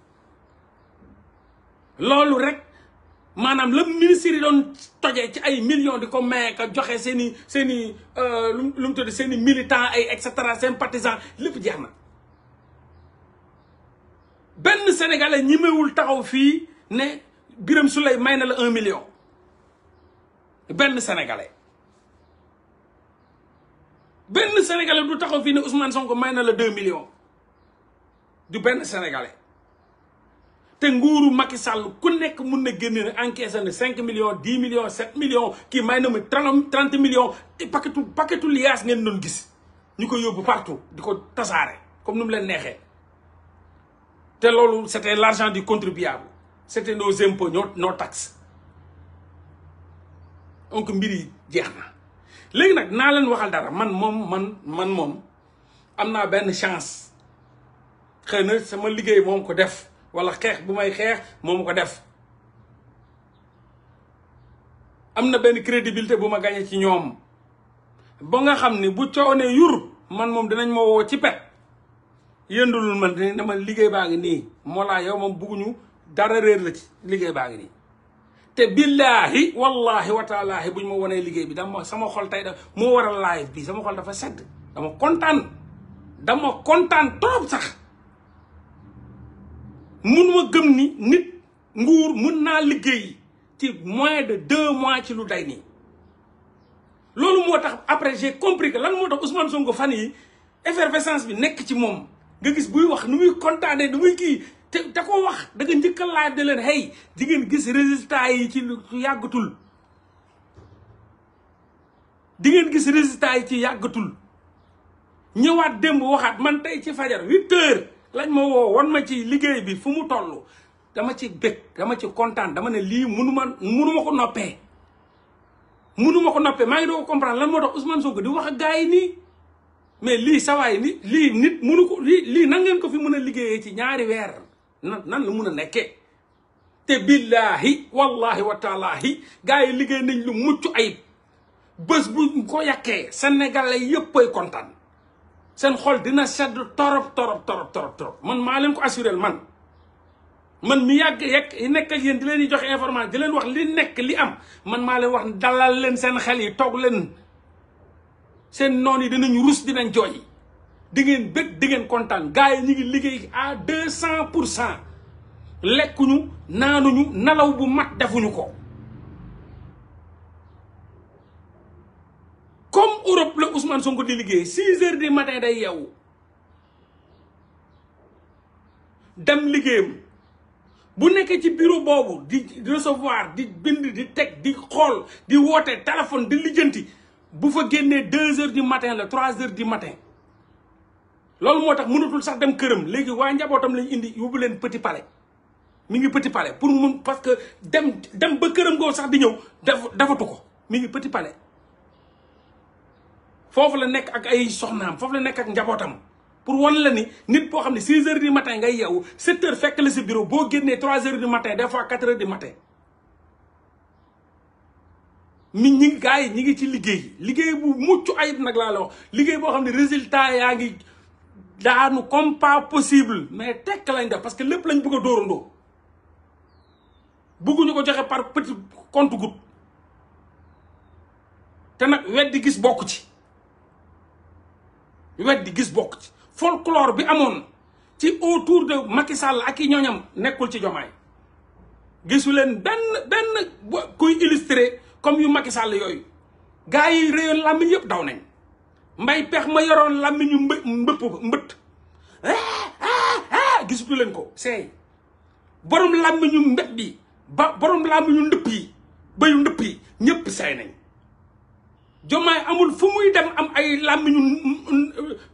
loolu rek maanaam la ministre yi doon tojee ci ay millions di ko may ka joxe seen i seen i euh, lu mu tudd seen i militants ay et cetera seen partisans lépp jeex na benn sénégalais ñimewul taxaw fii ne Birame Souleye may na la un million benn sénégalais benn sénégalais du taxaw fii ne Ousmane Sonko may na la deux millions du benn sénégalais te nguuru Macky Sall ku nekk mun na génne ne encaissé na cinq millions dix million sept millions kii may na mu trente millions te paquetu paquetu ngeen doon gis ñu ko yóbbu partout di ko tasaare comme nu leen neexee. te loolu c' était l' argent du contribuable c' était nos impôts ñoo nos taxes donc mbir yi jeex na. léegi nag naa leen waxal dara man moom man man moom am naa benn chance xëy na sama liggéey moom ko def walla xeex bu may xeex moom ko def am na benn crédibilité bu ma gañee ci ñoom ba nga xam ni bu coow ne yur man moom dinañ ma woo ci pet. yëndalul man ne ma liggéey baa ngi nii moo laa yow moom bugguñu dara réer la ci liggéey baa ngi nii te billaahi wallaahi wataalaahi buñ ma wanee liggéey bi dama sama xol tey da moo war a live bi sama xol dafa sedd dama kontaan dama kontaan trop sax mun ma gëm ni nit nguur mun naa liggéey ci moins de deux mois ci lu day nii loolu moo tax après j'ai compris lan moo tax Ousmane Sonko fan yi effervescence bi nekk ci moom nga gis buy wax nu muy kontaanee nu muy kii te te ko wax da nga de leen hey di ngeen gis résultat yi ci yàggatul di ngeen gis résultat yi ci yàggatul ñëwaat démb waxaat man tey ci fajar huit heures lañ ma woo wan ma ci liggéey bi fu mu toll dama ci bég dama ci kontaan dama ne lii munu ma munu ko noppee munu ko noppee maa ngi doo ko comprendre lan moo tax Ousmane Sonko di wax ak gars yi nii mais lii sawaay ni lii nit mënu ko lii lii nan ko fi mën a liggéeyee ci ñaari weer nan nan la mun a nekkee te billaahi wallahi wa taalaahi gars yi liggéey nañ lu mucc ayib bés bu ko yàkkee sénégalais yëpp ay kontan seen xol dina sedd torop torop torop torop man maa leen ko assurel man man mi yàgg yegg nekk ak yéen di leen di joxe information di leen wax li nekk li am man maa leen wax dalal leen seen xel yi toog leen seen noon yi dinañ rus dinañ jooy di ngeen bëgg di ngeen kontaan gars yi ñu ngi liggéey à deux cent pour cent lekkuñu naanuñu nelaw bu mat defuñu ko comme Europe la Ousmane Sonko di liggéey six heures du matin day yeewu dem liggéeyam bu nekkee ci bureau boobu di recevoir di bind di teg di xool di woote téléphone di lijjanti bu fa génnee deux heures du matin la trois heures du matin loolu moo tax mënatul sax dem këram léegi waaye njabootam lañ indi yóbbu leen Petit Palais mi ngi Petit Palais pour mu parce que dem dem ba këram goo sax di ñëw def defatu ko mu ngi Petit Palais foofu la nekk ak ay soxnaam foofu la nekk ak njabootam pour wan la ni nit boo xam ne six heures du matin ngay yeewu sept fekk la sa bureau boo génnee trois heures du matin des fois quatre heures du matin nit ñi gars yi ñi ngi ci liggéey liggéey bu mucc ayib nag laa la wax liggéey boo xam ne résultat yaa ngi daanu comme pas possible mais tekk lañ def parce que lépp lañ bëgg a dóorandoo bëgguñu ko joxe par petit compte-gouttes te nag weddi gis bokk ci weddi gis bokk ci folklore bi amoon ci autour de Macky Sall ak i ñooñam nekkul ci jomaay gisu leen benn benn kuy illustrer comme yu Macky Sall yooyu gars yi réyoon làmmiñ yëpp daw nañ mbay pex ma yoroon làmmiñu mbë mbëpp mbëtt eh, eh, eh, gisatu leen ko seey borom làmmiñu mbët bi ba borom làmmiñu ndëpp yi bayu ndëpp yi ñëpp seey nañ jomaay amul fu muy dem am ay làmmiñu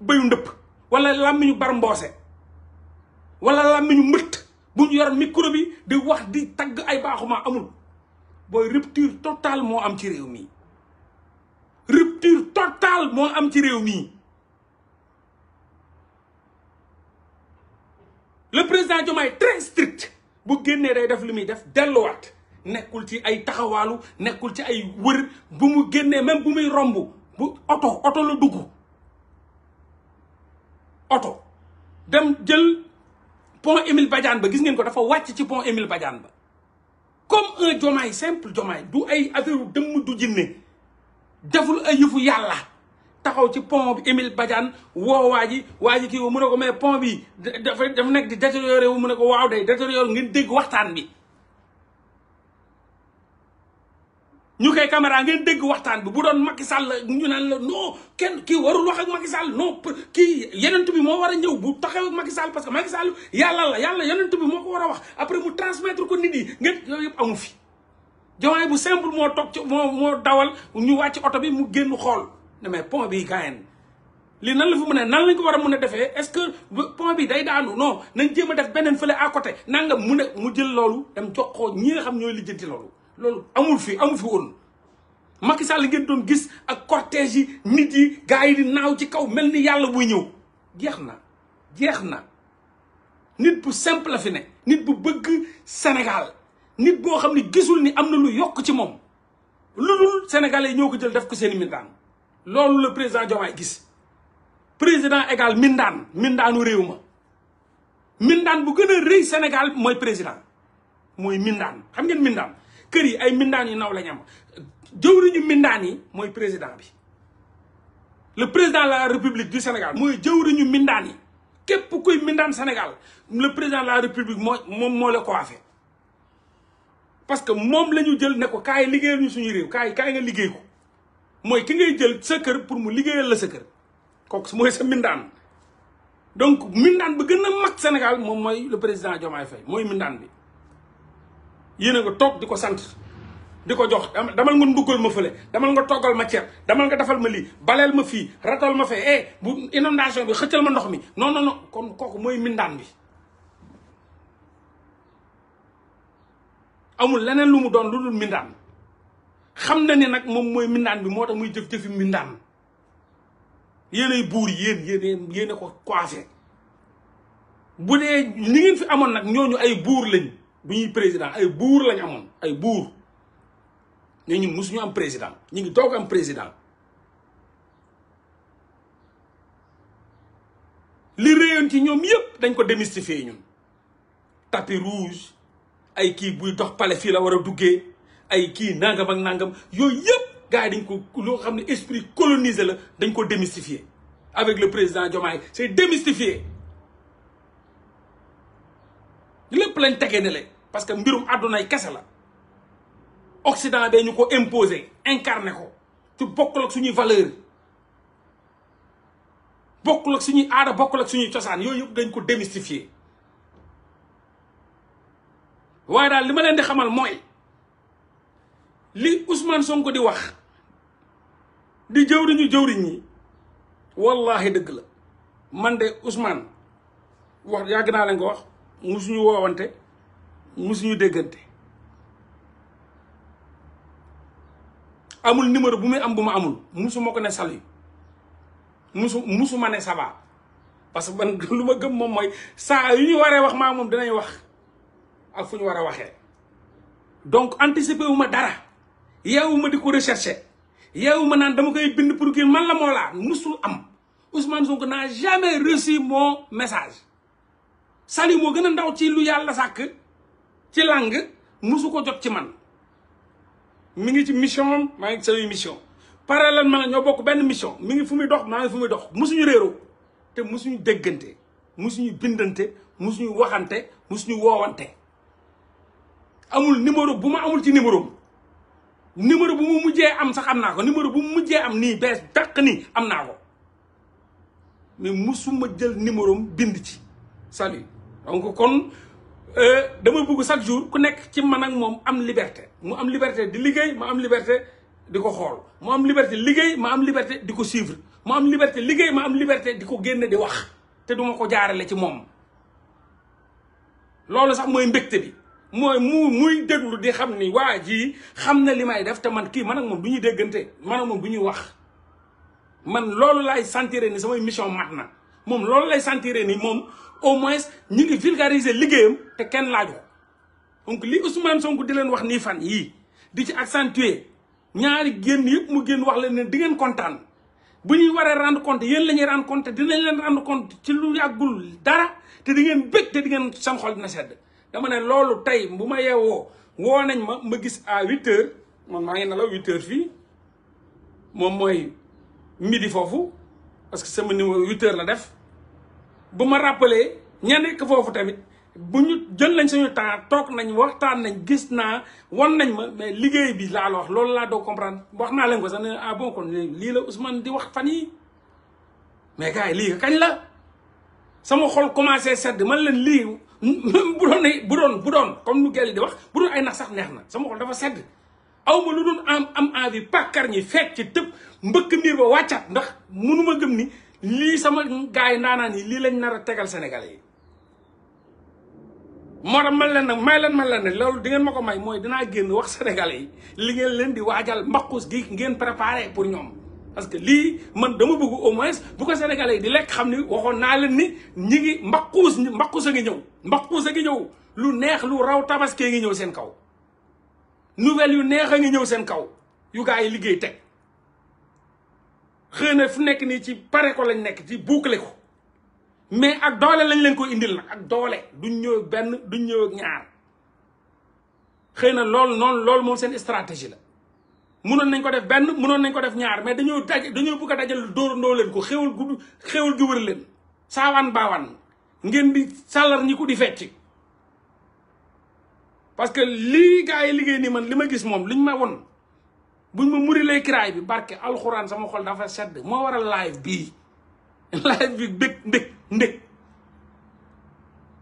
bayu ndëpp wala làmmiñu bar mboose wala làmmiñu mbëtt bu ñu yor micro bi di wax di tagg ay baaxumaa amul booy rupture total moo am ci réew mi rupture totale moo am ci réew mii le président Diomaye très strict bu génnee day def lu muy def delluwaat nekkul ci ay taxawaalu nekkul ci ay wër bu mu génnee même bu muy romb bu oto oto la dugg oto dem jël pont Émile Badiane ba gis ngeen ko dafa wàcc ci pont Émile Badiane ba comme un jomaay simple jomaay du ay affaire dëmm du jinne deful ay yëfu yàlla taxaw ci pont bi Émile Badiane woo waa ji waa ji kii wu mu ne ko mais pont bi dafa dafa nekk di détérioré wu mu ne ko waaw day détérioré ngeen dégg waxtaan bi ñu koy caméra ngeen dégg waxtaan bi bu doon Macky Sall ñu naan la non kenn kii warul wax ak Macky Sall non kii yonent bi moo war a ñëw bu taxaw ak Macky Sall parce que Macky Sall yàlla la yàlla yonent bi moo ko war a wax après mu transmettre ko nit yi ngeen yooyu yëpp amu fi. jomaay bu simple moo toog ci moo moo dawal ñu wàcc oto bi mu génn xool ne mais pont bi gaayen lii nan la fi mun a nan lañ ko war a mun a defee est-ce que pont bi day daanu non nañ jéem def beneen fële à côté nangam mu ne mu jël loolu dem jox ko ñi nga xam ñooy lijjanti loolu. loolu amul fi amul fi woon Macky Sall ngeen doon gis ak cortège yi nit yi gars yi di naaw ci kaw mel ni yàlla wuy ñëw jeex na jeex na nit bu simple fi ne nit bu bëgg Sénégal nit boo xam ne gisul ni am na lu yokk ci moom lu dul sénégalais yi ñoo ko jël def ko seeni i mindaan loolu la président Diomaye gis président égal mindaan mindaanu réew ma mindaan bu gën a rëy Sénégal mooy président mooy mindaan xam ngeen mindaan kër yi ay mbindaan yu naw lañ am jëwriñu mbindaan yi mooy président bi le président de la république du Sénégal mooy jëwriñu mbindaan yi képp kuy mbindaan Sénégal le président de la république moo moom moo la ko affé que moom la ñu jël ne ko kaay liggéeyal ñu suñu réew kaay kaay nga liggéey mooy ki ngay jël sa kër pour mu liggéeyal la sa kër kooku mooy sa mbindaan donc mbindaan bi gën a mag Sénégal moom mooy le président Diomaye Faye mooy mbindaan bi yéen nga toog di ko sant di ko jox damal nga nduggal ma fële damal nga toggal ma ceeb damal nga defal ma lii baleel ma fii ratal ma fee eh bu inondation bi xëccal ma ndox mi noonu non non kon kooku mooy mindaan bi amul leneen lu mu doon lu dul mindaan xam na ne nag moom mooy mindaan bi moo tax muy jëf-jëfi mindaan yéenay buur yéen yéen yéen a ko coiffé bu dee li ngeen fi amoon nag ñooñu ay buur lañ bu ñuy président ay buur lañ amoon ay buur ne ñun mosuñu am président ñu ngi doog am président li réyoon ci ñoom yépp dañ ko démystifier ñun tapis rouge ay kii buy dox pale fii la war a duggee ay kii nangam ak nangam yooyu yépp gars yi dañ ko loo xam ne esprit colonisé la dañ ko démystifier avec le président Diomaye c'est démystifié lépp lañ tegee ne le parce que mbirum àddunay kese la Occident bee ñu ko imposer incarné ko te bokkul ak suñuy valeur bokkul ak suñuy aada bokkul ak suñuy cosaan yooyu yëpp dañ ko démystifier waaye daal li ma leen di xamal mooy li Ousmane ko di wax di jëwriñu jëwriñ ñi wallahi dëgg la man de Ousmane wax yàgg naa leen ko wax musuñu woowante musuñu déggante amul numéro bu muy am bu ma amul musu ma ko ne Saliou musu musu ma ne Saba parce que man *laughs* lu ma moom mooy saa yu ñu waree wax maa moom dinañ wax ak fu war waxee donc anticiper ma dara yeewu ma di ko rechercher yeewu ma naan dama koy bind pour que man la moo laa musul am Ousmane Sonko n'a jamais reçu mon message Saliou moo gën a ndaw ci lu yàlla sàkk ci lang musu ko jot ci man mu ngi ci mission am maa ngi ci mission parallèlement ñoo bokk benn mission mi ngi fu muy dox maa ngi fu muy dox musuñu réeroo te musuñu déggante musuñu bindante musuñu waxante musuñu woowante amul numéro bu ma amul ci numéro numéro bu mu mujjee am sax am naa ko numéro bu mu mujjee am nii bees dàq nii am naa ko mais musuma jël numéro bind ci salut donc kon Euh, dama bugg chaque jour ku nekk ci man ak moom am liberté mu am liberté di liggéey ma am liberté di ko xool mu am liberté liggéey ma am liberté di ko suivre mu am liggéey ma am liberté di ko génne di wax te duma ko jaarale ci moom loolu sax mooy mbégte bi mooy mu muy déglu di xam ni waa jii xam na li may def te man kii man ak moom du ñuy déggante man ak moom du ñuy wax man loolu lay sentir ni samay mission mat na moom loolu lay sentir ni moom au moins ñu ngi vulgariser liggéeyam te kenn laaj ko donc li Ousmane sonk di leen wax nii fan yii di ci accentuer ñaari génn yëpp mu génn wax leen ne di ngeen kontaan bu ñuy waree rendre compte yéen la ñuy dinañ leen rendre compte ci lu yàggul dara te di ngeen bëgg te di ngeen seen xol dina sedd dama ne loolu tey bu ma yeewoo woo nañ ma ma gis à huit heures man maa ngi nelaw huit heures fii moom mooy midi foofu parce que sama numéro huit heures la def bu ma rappelé ña nekk foofu tamit bu ñu jël nañ suñu temps toog nañ waxtaan nañ gis naa wan nañ ma mais liggéey bi laa la wax loolu laa doo comprendre wax naa leen ko sax ne ah bon kon lii la Ousmane di wax fan yi mais gars lii kañ la sama xol commencé sedd man leen lii *laughs* bu doon bu doon bu doon comme nu gel di wax bu doon ay nax sax neex na sama xol dafa sedd aw ma lu doon am am envie pàkkar ñi fekk ci tëb mbëkk miir ba wàccaat ndax munuma gëm ni lii sama gars yi ndaanaan yi lii lañ nara tegal Sénégalais yi moo tax man leen nag may leen man leen nag loolu di ngeen ma ko may mooy danaa génn wax Sénégalais yi li ngeen leen di waajal mbaqus gi ngeen préparé pour ñoom parce que lii man dama bëgg au moins bu ko Sénégalais yi di lekk xam ni waxoon naa leen ni ñi ngi mbaquus mbaqus a ngi ñëw mbaquus a ngi ñëw lu neex lu raw tabaskee ngi ñëw seen kaw nouvelle yu neex a ngi ñëw seen kaw yu gars yi liggéey teg xëy na fu nekk nii ci pare ko lañ nekk ci boucler ko mais ak doole lañ leen ko indil nag ak doole duñ ñëw benn duñ ñëw ak ñaar xëy na lool noon loolu moom seen stratégie la mun noon nañ ko def benn munoon nañ ko def ñaar mais dañoo daj dañoo bëgg a dajal dóor ndoo leen ko xewul gu xéwal gi wër leen saawaan baawaan ngeen di sàllar ñi ko di fecc parce que lii gars yi liggéey nii man li ma gis moom liñ ma won buñ ma muri lay kiraay bi barke alxuraan sama xol dafa sedd moo waral live bii live bi bëgg ndëg ndëg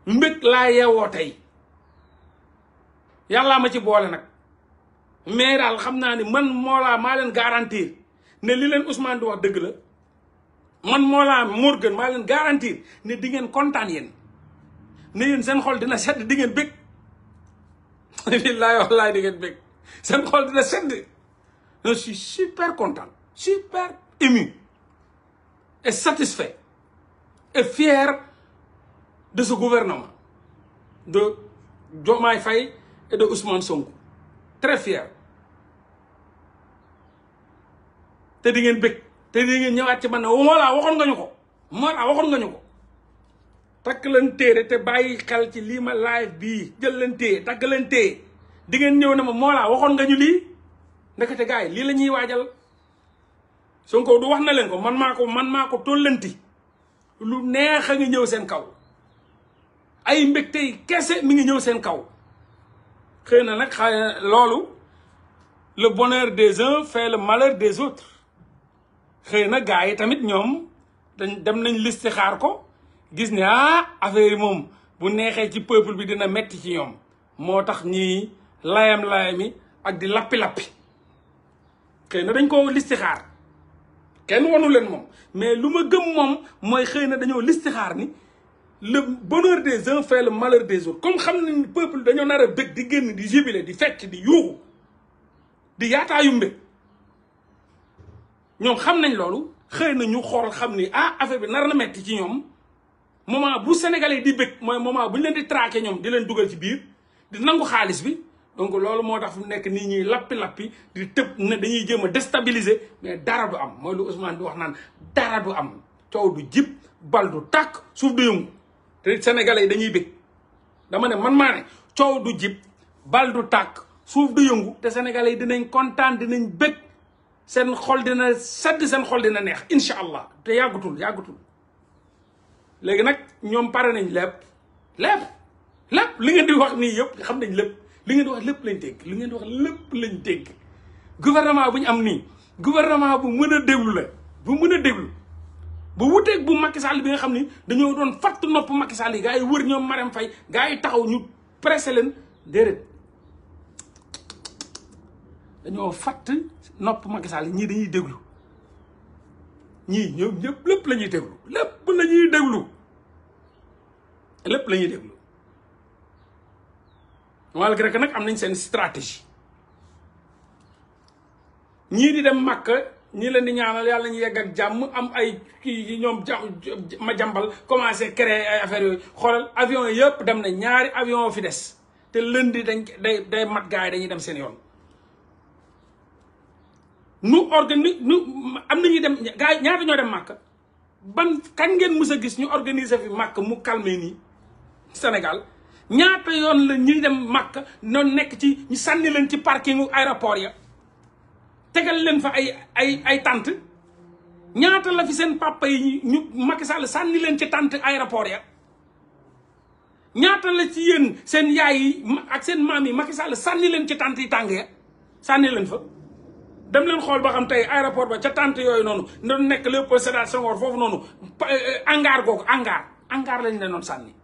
mbëgg laa yeewoo tey yàllaa ma ci boole nag mais daal xam naa ni man moolaa maa leen garantir ne li leen Ousmane di wax dëgg la man moolaa Morgan maa leen garantir ne dingeen ngeen kontaan yéen ne yéen seen xol dina sedd dingeen ngeen bëgg lillaahi *laughs* wallaahi di ngeen bëgg seen xol dina sedd je suis super content super ému et satisfait et fier de ce gouvernement de Diomaye Faye et de Ousmane Sonko très fier te dingeen ngeen bëgg te di ngeen ñëwaat ci man ne voilà waxoon nga ñu ko voilà waxoon nga ñu ko takk leen téere te bàyyi xel ci lii ma live bii jël leen téye takk leen téye di ñëw ne ma moo laa waxoon nga ñu lii ndekete gars yi lii la waajal Sonko du wax na leen ko man maa ko man maa ko tollanti lu neex a ngi ñëw seen kaw ay mbégte kese mi ngi ñëw seen kaw xëy na nag xay loolu le bonheur des uns fait le malheur des autres xëy na gars yi tamit ñoom dañ dem nañ listi xaar ko gis ne ah affaire yi moom bu neexee ci peuple bi dina metti ci ñoom moo tax ñii layam-layami ak di lappi-lappi xëy na dañ koo xaar kenn wanu leen moom mais lu ma gëm moom mooy xëy na dañoo listi xaar ni le bonheur des uns fait le malheur des autres comme xam nañ peuple dañoo nar a bëgg di génn di jubile di fecc di yuuxu di yaataayu mbég ñoom xam nañ loolu xëy na ñu xool xam ni ah affaire bi nar na metti ci ñoom moment bu sénégalais di bëgg mooy moment bu ñu leen di traqué ñoom di leen dugal ci biir di nangu xaalis bi donc loolu moo tax fu nekk nit ñi lappi-lappi di tëb ne dañuy jéem a déstabiliser mais dara du am mooy lu Ousmane di wax naan dara du am coow du jib bal du tàkk suuf du yëngu te sénégalais yi dañuy bég dama ne man maa ne du jib bal du tàkk suuf du yëngu te sénégalais yi dinañ kontaan dinañ bég seen xol dina sedd seen xol dina neex incha allah te yàggutul yàggutul léegi nag ñoom pare nañ lépp lépp lépp li ngeen di wax nii yëpp xam nañ lépp li ngeen di wax lépp lañ dégg li ngeen di wax lépp lañ dégg gouvernement bu ñu am nii gouvernement bu mën a déglu la bu mën a déglu bu wuteeg bu Macky Sall bi nga xam ni dañoo doon fatt nopp Macky Sall yi yi wër ñoom Marème Faye gars yi taxaw ñu pressé leen déedéet dañoo fatt nopp Macky Sall ñii dañuy déglu ñii ñoom ñëpp lépp la ñuy déglu lépp la ñuy déglu lépp la ñuy déglu malgré que nag am nañ seen stratégie ñii di dem makk ñii leen di ñaanal yàlla ñu yegg ak jàmm am ay kii ñoom ja ma jàmbal commencé créer ay affaires yooyu xoolal avion yëpp dem na ñaari avion fi des te lundi dañ day day mat gaa yi dañuy dem seen yoon. nu organise nu am na ñuy dem gars yi ñaata ñoo dem màkk ban kañ ngeen mës a gis ñu organise fi màkk mu calmer nii Sénégal. ñaata yoon la ñuy dem Màkka noon nekk ci ñu sànni leen ci parkingu aéroport ya tegal leen fa ay ay ay tant ñaata la fi seen papa yi ñu Macky Sall sànni leen ci tànt aéroport ya ñaata la ci yéen seen yaay yi ak seen maam yi Macky Sall sànni leen ci tant yi tàng ya sànni leen fa dem leen xool ba xam tey aéroport ba ca tànt yooyu noonu noon nekk Léopold Sédar Senghor foofu noonu euh, hangar googu hangar hangar lañ leen doon sànni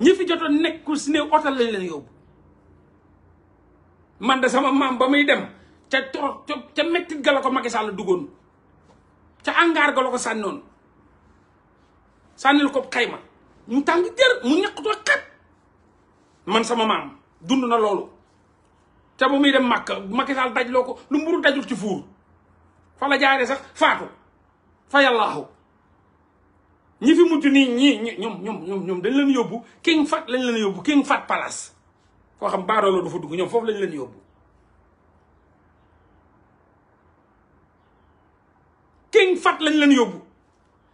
ñi fi jotoon nekk si ne otal lañ leen yóbbu man de sama maam ba muy dem ca toro ca mettit ga la ko Macky Sall duggoon ca angaar ga ko sànnoon sànnil ko xayma ñu tàng jër mu ñaqutoo xat man sama maam dund na loolu te ba muy dem Makka Macky daj loo ko lu mburu dajul ci fuur fa la jaaree sax faatu fa yàllaahu ñi fi mujj nii ñii ñoom ñoom ñoom dañ leen yóbbu king fat lañ leen yóbbu king fat palace koo xam baadoolo du fa dugg ñoom foofu lañ leen yóbbu king fat lañ leen yóbbu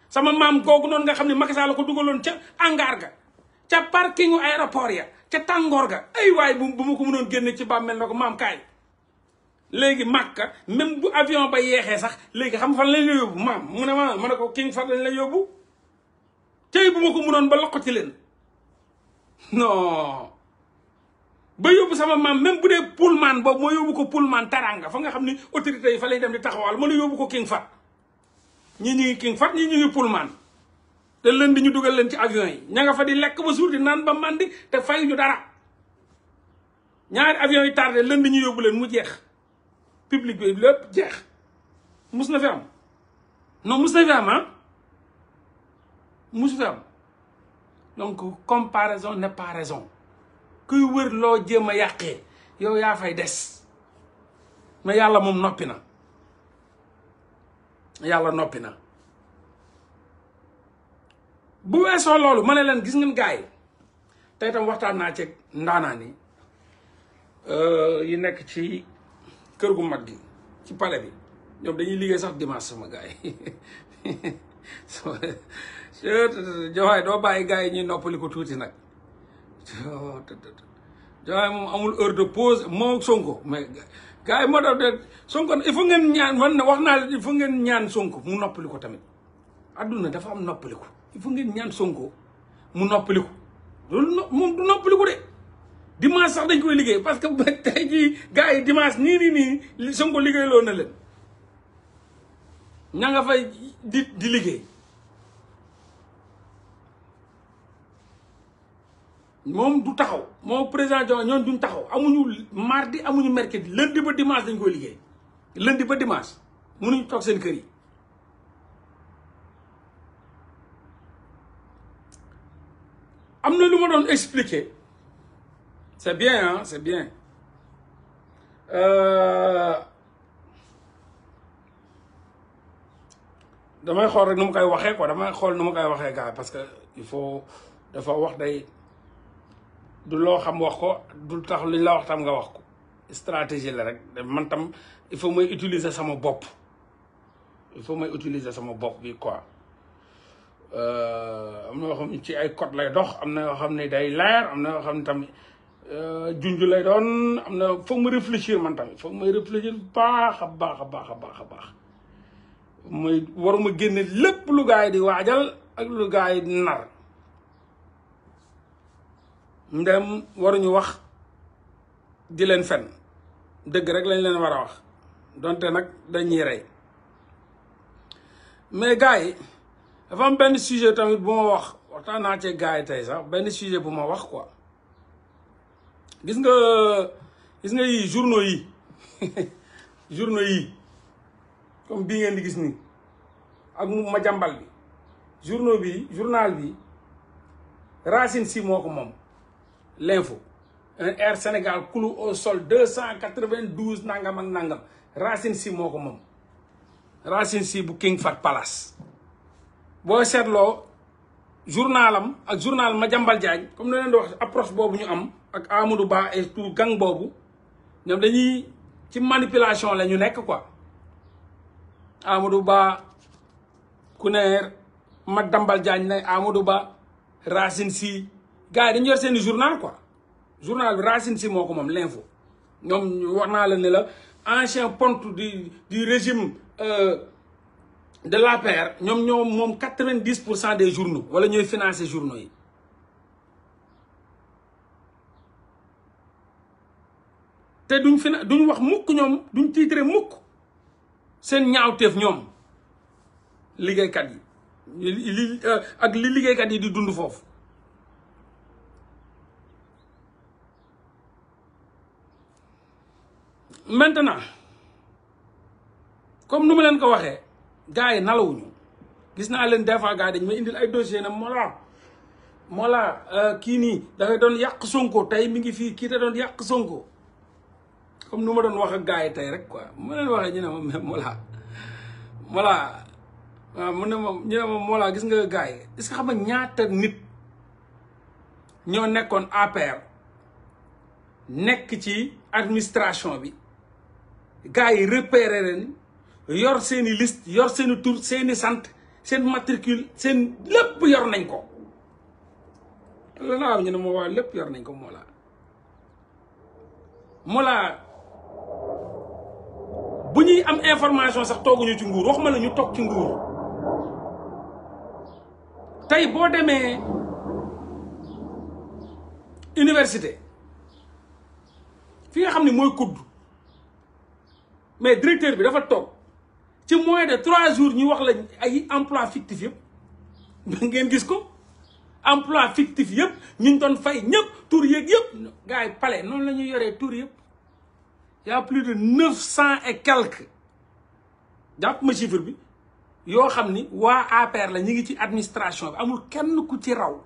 sama maam googu noonu nga xam ne Macky Sall la ko dugaloon ca angaar ga ca parkingu aéroport ya ca tàngoor ga ay waay bu bu ma ko mënoon génne ci bàmmeel na ko maam kaay léegi màkka même bu avion ba yeexee sax léegi xam fan lañ la yóbbu maam mu ne ma ma ne ko king fat lañ la yóbbu tey bu ma ko mënoon ba ci leen non ba yóbbu sama maam même bu dee Pullman boobu moo yóbbu ko Pullman Taranga fa nga xam ni autorité yi fa lay dem di taxawal ma la yóbbu ko King Fahd ñii ñu ngi King Fahd ñii ñu ngi Pullman te leen di ñu dugal leen ci avion yi ña nga fa di lekk ba suur di naan ba di te fay ñu dara ñaari avion yi tardé leen di ñu yóbbu leen mu jeex public bi lépp jeex mus na fi am non mus na fi am ah musu fi donc comparaison n'est pas raison wër loo jéem a yàqee yow yaa fay des mais yàlla moom noppi na yàlla noppi na bu weesoo loolu ma ne leen gis ngeen gars tey tam waxtaan naa ceeg ndaanaan yi euh, yi nekk ci kër gu mag gi ci palais bi ñoom dañuy liggéey sax dimanche sama gars *laughs* Diomaye doo bàyyi gars yi ñuy noppali ko tuuti nag Diomaye moom amul heure de pose moo Sonko mais gars moo tax de Sonko ngeen ñaan man wax naa ngeen ñaan Sonko mu noppali ko tamit adduna dafa am noppali ko il faut ngeen ñaan Sonko mu noppali ko loolu moom du noppali de. dimanche sax dañ koy liggéey parce que ba *laughs* tey jii gars yi dimanche nii nii nii Sonko liggéey na leen ña nga fay di liggéey moom du taxaw moom président Diomaye ñoom duñ taxaw amuñu mardi amuñu mercredi lundi ba dimanche dañ koy liggéey lundi ba dimanche mënuñ toog seen kër am na lu ma doon expliquer c'est bien ah c'est bien euh, damay xool rek nu ma koy waxee quoi damay xool nu ma koy waxee gars parce que il faut dafa wax day du loo xam wax ko du tax liñ la wax tam nga wax ko stratégie la rek man tam il faut may utiliser sama bopp il faut may utiliser sama bopp bi quoi euh, am na yoo xam ne ci ay code lay dox am na yoo xam ne day leer am na yoo xam ne tamit euh, junj lay doon am na foog ma réfléchir man tamit foog may réfléchir baax a baax a baax a baax a baax mooy waruma génne lépp lu gaa yi di waajal ak lu gaa yi di nar ndem waruñu wax di leen fen dëgg rek lañ leen war a wax donte nag dañuy rey mais gars yi dafa am benn sujet tamit bu ma wax waxtaan naa cee gars yi tey sax benn sujet bu ma wax ko gis nga gis nga yi journaux yi *laughs* journaux yi comme bii ngeen di gis nii ak mu ma jàmbal bi journaux bi journal bi Racine Sy moo ko moom l'info Air Sénégal clou au sol deux cent quatre-vingt-douze nangam nangam Racine Sy moo ko moom Racine Sy bu King Fat Palace boo seetloo journalam ak journal ma Madiambal Diagne comme ne leen di wax approche boobu ñu am ak Amadou Ba et tout gang boobu ñoom dañuy ci manipulation la ñu nekk quoi Amadou Ba ku ne dambal Diagne ne Amadou Ba Racine si gars yi dañu yor seeni journal quoi journal bi Racine Sy moo ko moom l'info ñoom war naa la ne la ancien ponte du du régime euh, de l'APR ñoom ñoom moom quatre-vingt-dix pour cent des journaux wala ñooy financer journaux yi te duñ fina duñ wax mukk ñoom duñ tiitre mukk seen ñaawteef ñoom liggéeykat yi euh, ak li liggéeykat yi di dund foofu maintenant comme nu ma leen ko waxee gars yi nalawuñu gis naa leen des fois gars yi dañ may indil ay dossier ne Mollah Mollah euh, kii nii dafay doon yàq Sonko tey mi ngi fii kii da doon yàq Sonko comme nu ma doon wax ak gars yi tey rek quoi ma leen waxee ñu ne moom Mollah Mollah waaw mu ne ma gis nga gars yi est-ce que xam nga ñaata nit ñoo nekkoon APR nekk ci administration bi gars yi repéré leen yor seeni i yor seeni tour seeni sant seen matricule seen lépp yor nañ ko la laa am ñu ne moo waaw lépp yor nañ ko moo Mollah Mollah bu ñuy am information sax tooguñu ci nguur wax waxuma la ñu toog ci nguur tey boo demee université fi nga xam ne mooy kudd mais directeur bi dafa toog ci moins de trois jours ñu wax la ay emplois fictif yëpp *laughs* ngeen gis ko emploi fictif yëpp ñu doon fay ñëpp tour yeeg yëpp gars yi pale noonu la ñuy yoree tur yëpp y a plus de neuf cent et quelques jàpp ma chiffre bi yoo xam ni waa APR la ñu ngi ci administration bi amul kenn ku ci raw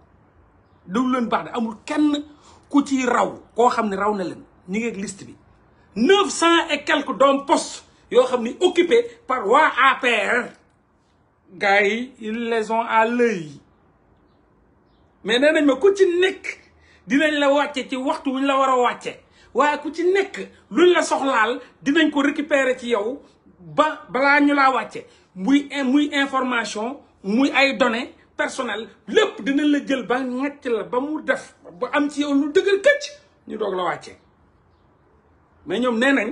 déglu leen baax de amul kenn ku ci raw koo xam ne raw na leen ñu ngi ak bi neuf cent et quelques doom postes yoo xam ni occupé par waa APR gars yi ils les ont à l'œil mais nee nañ ma ku ci nekk dinañ la wàcce ci waxtu wuñ la war a wàcce waaye ku ci nekk luñ la soxlaal dinañ ko récupérer ci yow ba balaa ñu laa wàcce muy muy information muy ay données personnelles lépp dinañ la jël ba ñàcc la ba mu def ba am ci yow lu dëgër këcc ñu doog la wàcce mais ñoom nee nañ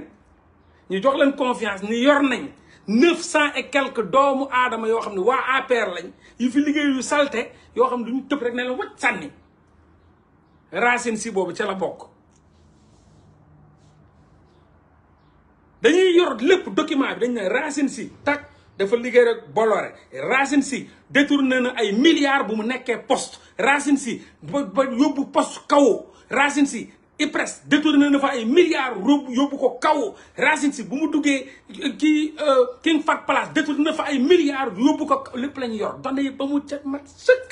ñu jox leen confiance ni yor nañ neuf cent et quelques doomu aadama yoo xam ne waa APR lañ yi fi liggéey yu salte yoo xam ne du ñu tëb rek ne leen wacc sànni racine si boobu ca la bokk dañuy yor lépp document bi dañ ne racine si tak dafa liggéey rek bolore racine si détourné na ay milliards bu mu nekkee post racine si ba ba yóbbu poste kaw racine si IPRES détourné na fa ay milliards yóbbu ko kaw Racine si bu mu duggee kii euh, King Fahd Palace détourné na fa ay milliards yóbbu ko lépp lañu ñu yor donte yi ba mu ca mat sëkk.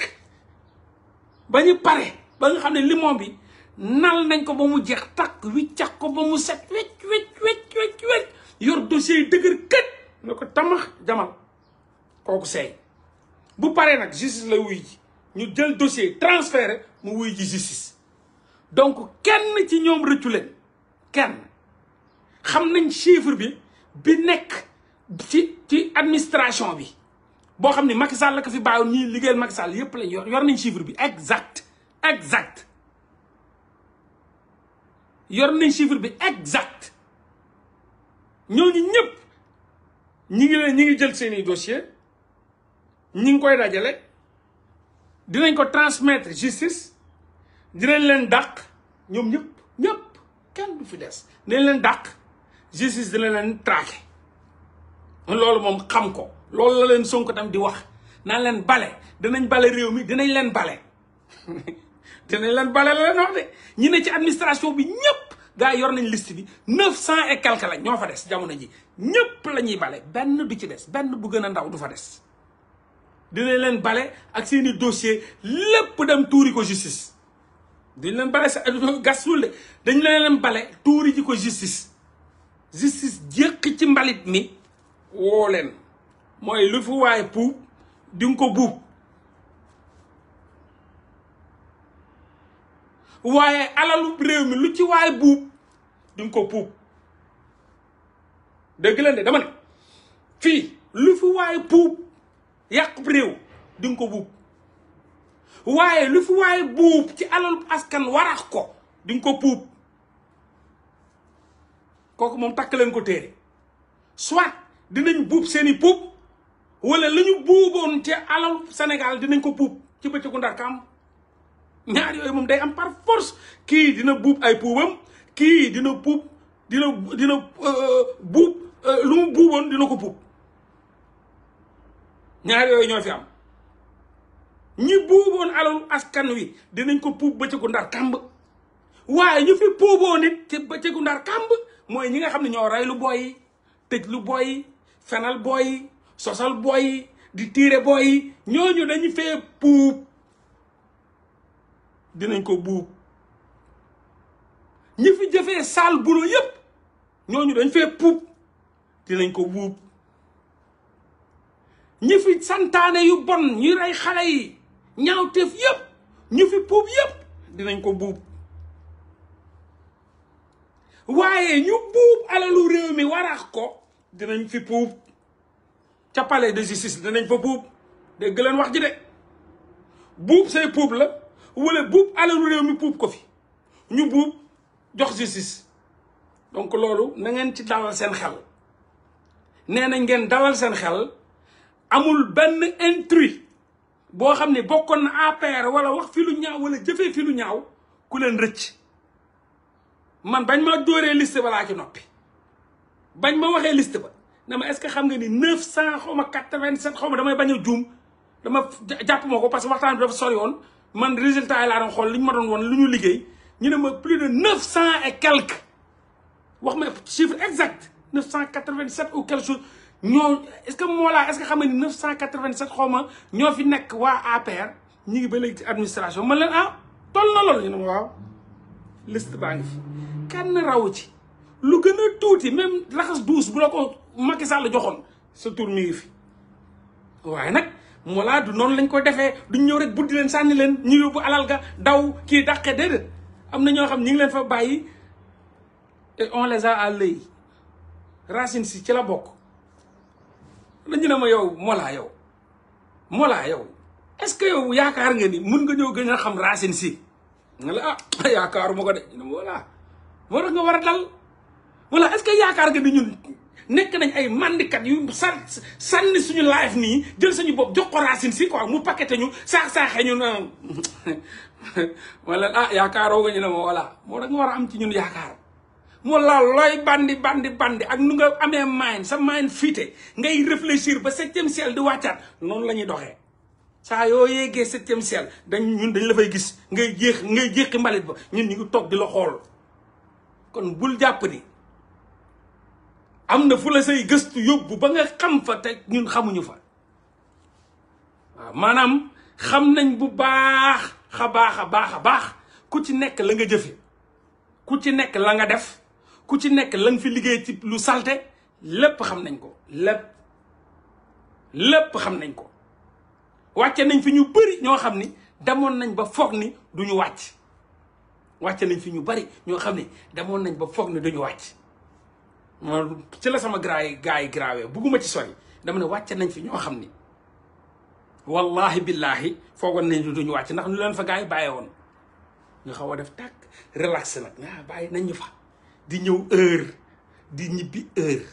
ba xam ne limon bi nal nañ ko ba mu jeex takk wiccax ko ba mu set wecc wecc wecc wecc wecc yor dossier yi dëgër kët ne ko tamax jamal kooku seey bu paree nag justice la wuy ji ñu jël dossier transféré mu wuy ji justice. donc kenn ci ñoom rëccu leen kenn xam nañ chifre bi bi nekk ci ci administration bi boo xam ni Macky Sall la ko fi bàyyoon ñii liggéeyal Macky Sall yépp lañ yor yor nañ chiffre bi exact exact yor nañ chiffre bi exact ñooñu ñëpp ñi ngi leen ñi ngi jël seeni dossier ñi ngi koy dajale dinañ ko transmettre justice dinañ leen dàq ñoom ñëpp ñëpp kenn du fi des dinañ leen dàq justice dina leen traqué loolu moom xam ko lool la leen sonk tam di wax naa leen bale dinañ bale réew mi dinañ leen bale *laughs* dinañ leen bale la leen wax de ñi ne ci administration bi ñëpp gaa yor nañ liste bi neuf cent et quelque la ñoo fa des jamono ji ñëpp la ñuy bale benn du ci des benn bu gën a ndaw du fa des dinañ leen bale ak seeni dossier lépp dem tuuri ko justice dañ leen bale sa gas suul de dañ leen bale tuuri ji ko justice justice jékk ci mbalit mi woo leen mooy lu fi waaye puub di ko buub waaye alalu réew mi lu ci waaye buub di ko puub dëgg leen de dama ne fii lu fi waaye puub yàqu réew di ko buub waaye lu fi waaye buub ci alalu askan warax ko di nga ko puub kooku moom takk leen ko téere soit dinañ buub seeni puub wala la ñu buuboon ci alalu Sénégal dinañ ko puub ci bëccëgu ndar kaam ñaar yooyu moom day am par force kii dina buub ay puubam kii dina puub dina dina euh, buub euh, lu mu buuboon dina ko puub ñaar yooyu ñoo fi am ñi buuboon alalu askan wi dinañ ko puub bëccëgu ndar kàmb waaye ñu fi puuboo nit ci bëccëgu ndar kàmb mooy ñi nga xam ne ñoo rey lu booy tëj lu booy yi fenal booy yi sosal booy yi di tiire booy yi ñooñu dañu fee dinañ ko buub ñi fi jëfee sal bulo yépp ñooñu dañ fee puub dinañ ko buub ñi fi santaane yu bon ñi rey xale yi ñaawteef yëpp ñu fi puub yëpp dinañ ko buub waaye ñu buub alalu réew mi waraax ko dinañ fi puub ca palais de justice dinañ fa puub dégg leen wax ji de buub say puub la wala buub alalu réew mi puub ko fi ñu buub jox justice donc loolu na ngeen ci dalal seen xel nee nañ ngeen dalal seen xel amul benn intrus boo xam ne bokkoon na APR wala wax fi lu ñaaw wala jëfee fi lu ñaaw ku leen rëcc man bañ ma dóoree liste ba laa ci noppi bañ ma waxee liste ba na ma est-ce que xam nga ni neuf cent xaw ma quatre-vingt-sept xaw ma damay bañ a dama jàpp ma ko parce que waxtaan bi dafa sori woon man résultat yi laa doon xool li ñu ma doon woon lu ñu liggéey ñu ne ma plus de neuf cent et quelque wax ma chiffre exact neuf cent quatre-vingt-sept ou quelque chose ñoo est-ce que Mollah est-ce que xam cent ni 987 xaw ma ñoo fi nekk waa APR ñu ngi ba léegi ci administration man leen ah toll na loolu ñu ne ma waaw liste baa ngi fi kenn raw ci lu gën a tuuti même laxas douze bu la ko Macky Sall joxoon sa tur mi ngi fi waaye nag Mollah du noonu lañ ko defee duñ ñëw rek buddi leen sànni leen ñu bu alal ga daw kii dàqe déedéet am na ñoo xam ñu ngi leen fa bàyyi et on les a à l'œil racine si ci la bokk dañu ne ma yow Mollah yow Mollah yow est-ce que yow yaakaar nga ni mun nga ñëw gën a xam Racine si nga la ah *laughs* yaakaaruma ko de ñu ne ma voilà moo tax nga war a dal voilà est que yaakaar nga ni ñun nekk nañ ay mandikat yu san sànni suñu live nii jël sañu bopp jox ko Racine Sy quoi mu paquete ñu saax-saaxee ñu na *laughs* wala ah yaakaaroo nga ñu ne ma voilà moo tax nga war a am ci ñun yaakaar mu laal looy bandi bandi bandi ak nu nga amee mayen sa mayen fiite ngay réfléchir ba septième ciel di wàccaat noonu la ñuy doxee saa yoo yéegee septième ciel dañ ñun dañ la fay gis ngay jéex ngay jéexi mbalit ba ñun ñu ngi toog di xool kon bul jàpp ni am na fu say gëstu yóbbu ba nga xam fa te ñun xamuñu fa waaw maanaam xam nañ bu baax xa baax a baax a baax ku ci nekk la nga jëfe ku ci nekk la nga def ku ci nekk la fi liggéey ci lu salte lépp xam nañ ko lépp lépp xam nañ ko wàcce nañ fi ñu bëri ñoo xam ni demoon nañ ba foog ni du ñu wàcc wàcce nañ fi ñu bëri ñoo xam ni demoon nañ ba foog ni duñu wàcc moom ci la sama gars yi gars yi graawee bugguma ci sori dama ne wàcce nañ fi ñoo xam ni wallahi billahi foogoon nañ ni duñu wàcc ndax lu leen fa gars yi bàyyee woon ñu xaw a def tàkk relax nag ah bàyyi nañ ñu fa di ñëw heure di ñibbi heure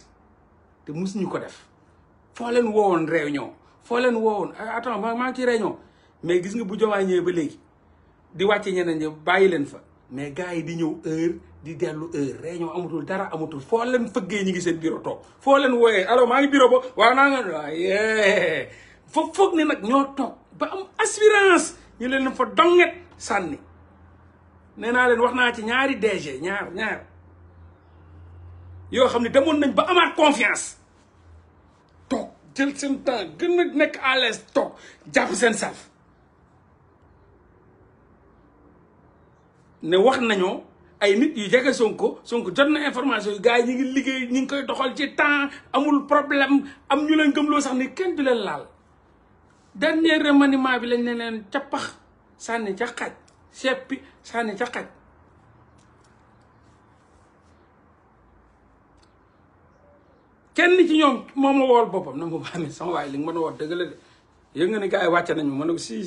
te musuñu ko def foo leen woowoon réunion foo leen woowoon ah, attends maa ngi ci réunion mais gis nga bu jomaay ñëwee ba léegi di wàcce ñeneen ñi bàyyi leen fa mais gars yi di ñëw heure di dellu heure réunion amatul dara amatul foo leen fëggee ñu ngi seen bureau toog foo leen wooyee alors maa ngi bureau ba waaw naa nga waaye foog ne nag ñoo toog ba am assurance ñu leen fa donget sànni nee naa leen wax naa ci ñaari DG ñaar ñaar yoo xam ne demoon nañ ba amaat confiance toog jël seen temps gën a nekk à l'aise toog jàpp seen self ne wax nañoo ay nit yu jege Sonko Sonko jot na information yu gars yi ñu ngi liggéey ñu ngi koy doxal ci temps amul problème am ñu leen gëmloo sax ni kenn du leen laal dernier remaniement bi lañ ne leen cappax sànni ca xaj seppi sànni ca xaj kenn ci ñoom moo ma wool boppam na ma waa mi sama waay li nga mën a wax dëgg la de nga ne gars yi wàcce nañ ma ne ko si *laughs*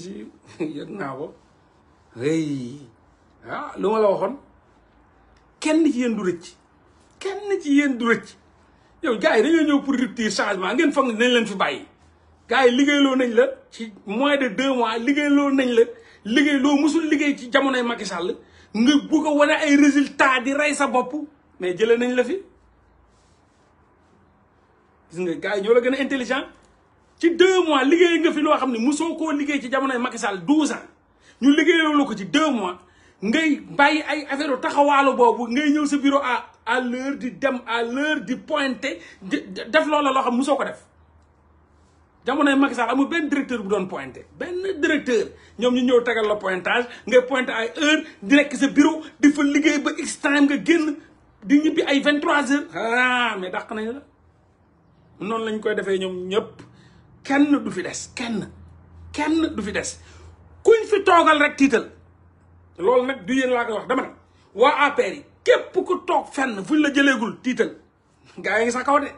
ah, la waxoon kenn ci yéen du rëcc kenn ci yéen du rëcc yow gars ñëw pour changement ngeen foog ne dinañ leen fi bàyyi. gars liggéeyloo nañ la ci moins de deux mois liggéeyloo nañ la liggéeyloo musul liggéey ci jamonoy Macky Sall nga bugg a wane ay résultats di rey sa bopp mais jëlee nañ la fi. gis nga gars yi ñoo la gën a intelligent ci deux mois liggéey nga fi loo xam ne mosoo koo liggéey ci jamonoy Macky Sall douze ans ñu liggéeyoo la ko ci deux mois ngay bàyyi ay affaire taxawaalo boobu ngay ñëw sa bureau à à l'heure di dem à l'heure di pointé def loola loo xam mosoo ko def jamonoy Macky Sall benn directeur bu doon pointé benn directeur ñoom ñu ñëw tegal la pointage ngay pointé ay heure di nekk sa bureau di fa liggéey ba x nga génn di ñibbi ay vingt trois heures ah mais dàq nañu noonu lañ koy defee ñoom ñëpp kenn du fi des kenn kenn du fi des kuñ fi toogal rek tiital loolu nag du yéen laa koy wax dama ne waa APR yi képp ku toog fenn fuñ la jëleegul tiital gaa yi ngi sa kaw de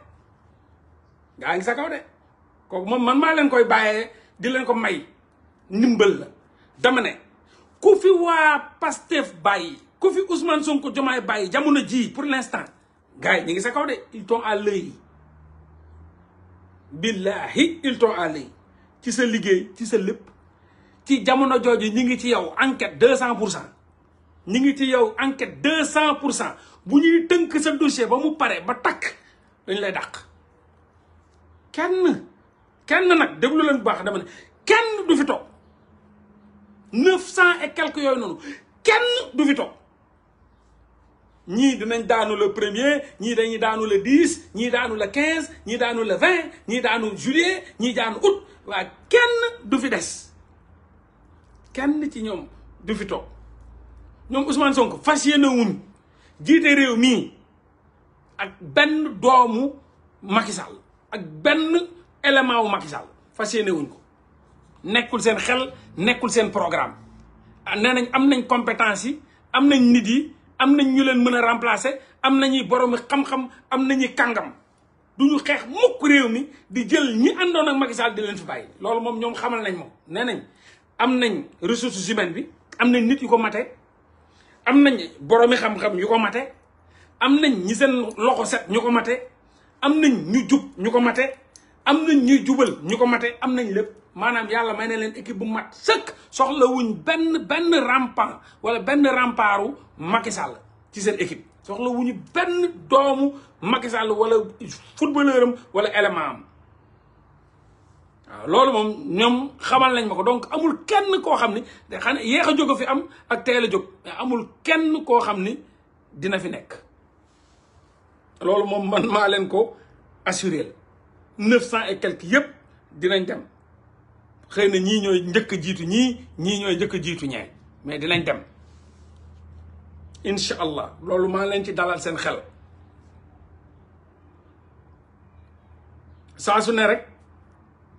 gaa yi ngi sa kaw de kooku moom man maa leen koy bàyyee di leen ko may ndimbal la dama fi waa Pastef bàyyi ku fi Ousmane Sonko Diomaye bàyyi jamono jii pour l'instant gars yi ñu ngi sa kaw de ils billahi ils t'ont allé ci sa liggéey ci sa lépp ci jamono jooju ñu ngi ci yow enquête deux cent pour cent ñu ngi ci yow enquête deux cent pour cent bu ñuy tënk sa dossier ba mu pare ba takk dañ lay dàq kenn kenn nag déglu leen bu baax dama ne kenn du fi toog neuf cent et quelques yooyu noonu kenn du fi toog ñii dinañ daanu le premier ñii dañuy daanu le dix ñii daanu le quinze ñii daanu le vingt ñii daanu juillet ñii daanu août waaye kenn du fi des kenn ci ñoom du fi toog ñoom Ousmane Sonko fas yéene wuñ jiite réew mii ak benn doomu Macky ak benn élément wu Macky fas yéene wuñ ko nekkul seen xel nekkul seen programme ah, nee nañ am nañ compétence yi am nañ nit yi. am nañ ñu leen mën a remplacer am nañuy boromi xam-xam am nañuy kàngam du ñu xeex mukk réew mi di jël ñi àndoon ak Macky Sall di leen fi bàyyi. loolu moom ñoom xamal nañ moom nee nañ am nañ ressources humaines bi am nañ nit yu ko mate am nañ boromi xam-xam mate am nañ ñi seen loxo set ñu ko mate am nañ ñu jub ñu ko mate am nañ ñuy jubal ñu ko mate am nañ lépp. maanaam yàlla may na leen équipe bu mat sëkk soxlawuñ benn benn rampant wala benn rampaaru Macky ci seen équipe soxlawuñu benn doomu Macky Sall wala footballeur am wala élément am loolu moom ñoom xamal nañ ma ko donc amul kenn koo xam ni da xam yéex a jóg fi am ak teel a jóg amul kenn koo xam ni dina fi nekk loolu moom man maa leen ko assuré neuf cent et quelques yëpp dinañ dem xëy na ñii ñooy njëkk jiitu ñii ñii ñooy njëkk a jiitu ñee mais dinañ dem incha allah loolu maa leen ci dalal seen xel saa su ne rek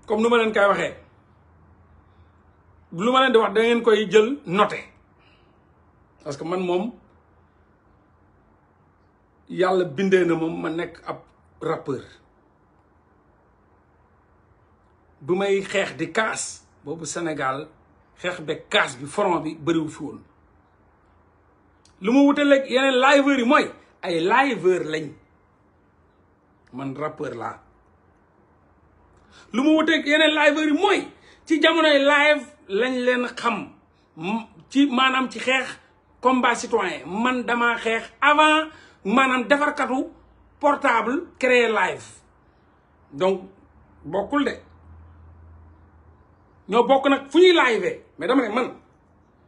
comme nu ma leen koy waxee lu ma leen di wax da koy jël note parce que man moom yàlla bindee na moom ma nekk ab rappeur bu may xeex di kaas boobu Sénégal xeex be kaas bi front bi bëriwul fi woon lu ma wutaleeg yeneen liveur yi mooy ay liveur lañ man rappeur laa lu ma wuteeg yeneen liveur yi mooy ci jamonoy live lañ leen xam ci maanaam ci xeex combat citoyen man dama xeex avant maanaam defarkatu portable créer live donc bokkul de ñoo bokk nag fu ñuy live mais dama ne man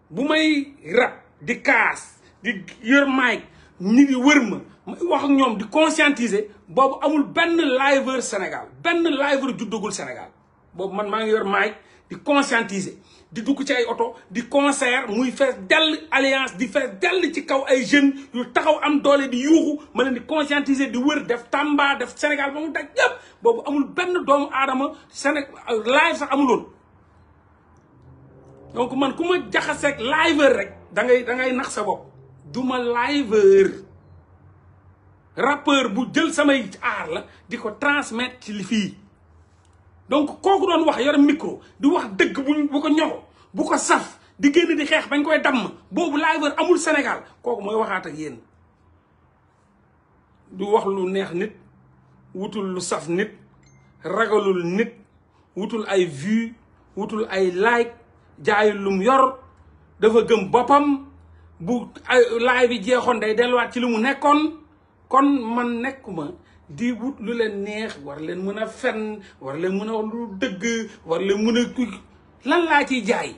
bu may rab di kaas di yor mic nit yi wër ma may wax ak ñoom di conscientiser boobu amul benn liveur Sénégal benn liveur juddagul Sénégal boobu man maa ngi yor mic di conscientiser di dugg ci ay oto di concert muy fees dell alliance di fees dell ci kaw ay jeunes yu taxaw am doole di yuuxu ma leen di conscientiser di wër def Tamba def Sénégal ba mu daj yëpp boobu amul benn doomu aadama Sénégal live sax amuloon donc man ku ma jaxaseeg liveur rek da ngay da nax sa bopp du ma liveur rappeur bu jël samay aar la di ko transmettre ci li fii donc kooku doon wax yor micro di wax dëgg bu ko ñoro bu ko saf di génn di xeex bañ koy damm boobu liveur amul Sénégal kooku mooy waxaata ak yéen du wax lu neex nit wutul lu saf nit ragalul nit wutul ay vue wutul ay like jaayul lu mu yor dafa gëm boppam bu laay bi jeexoon day delluwaat ci lu mu nekkoon kon man nekkuma di wut lu leen neex war leen mën a fen war leen mën a wax lu dëgg war leen mën a lan laa ciy jaay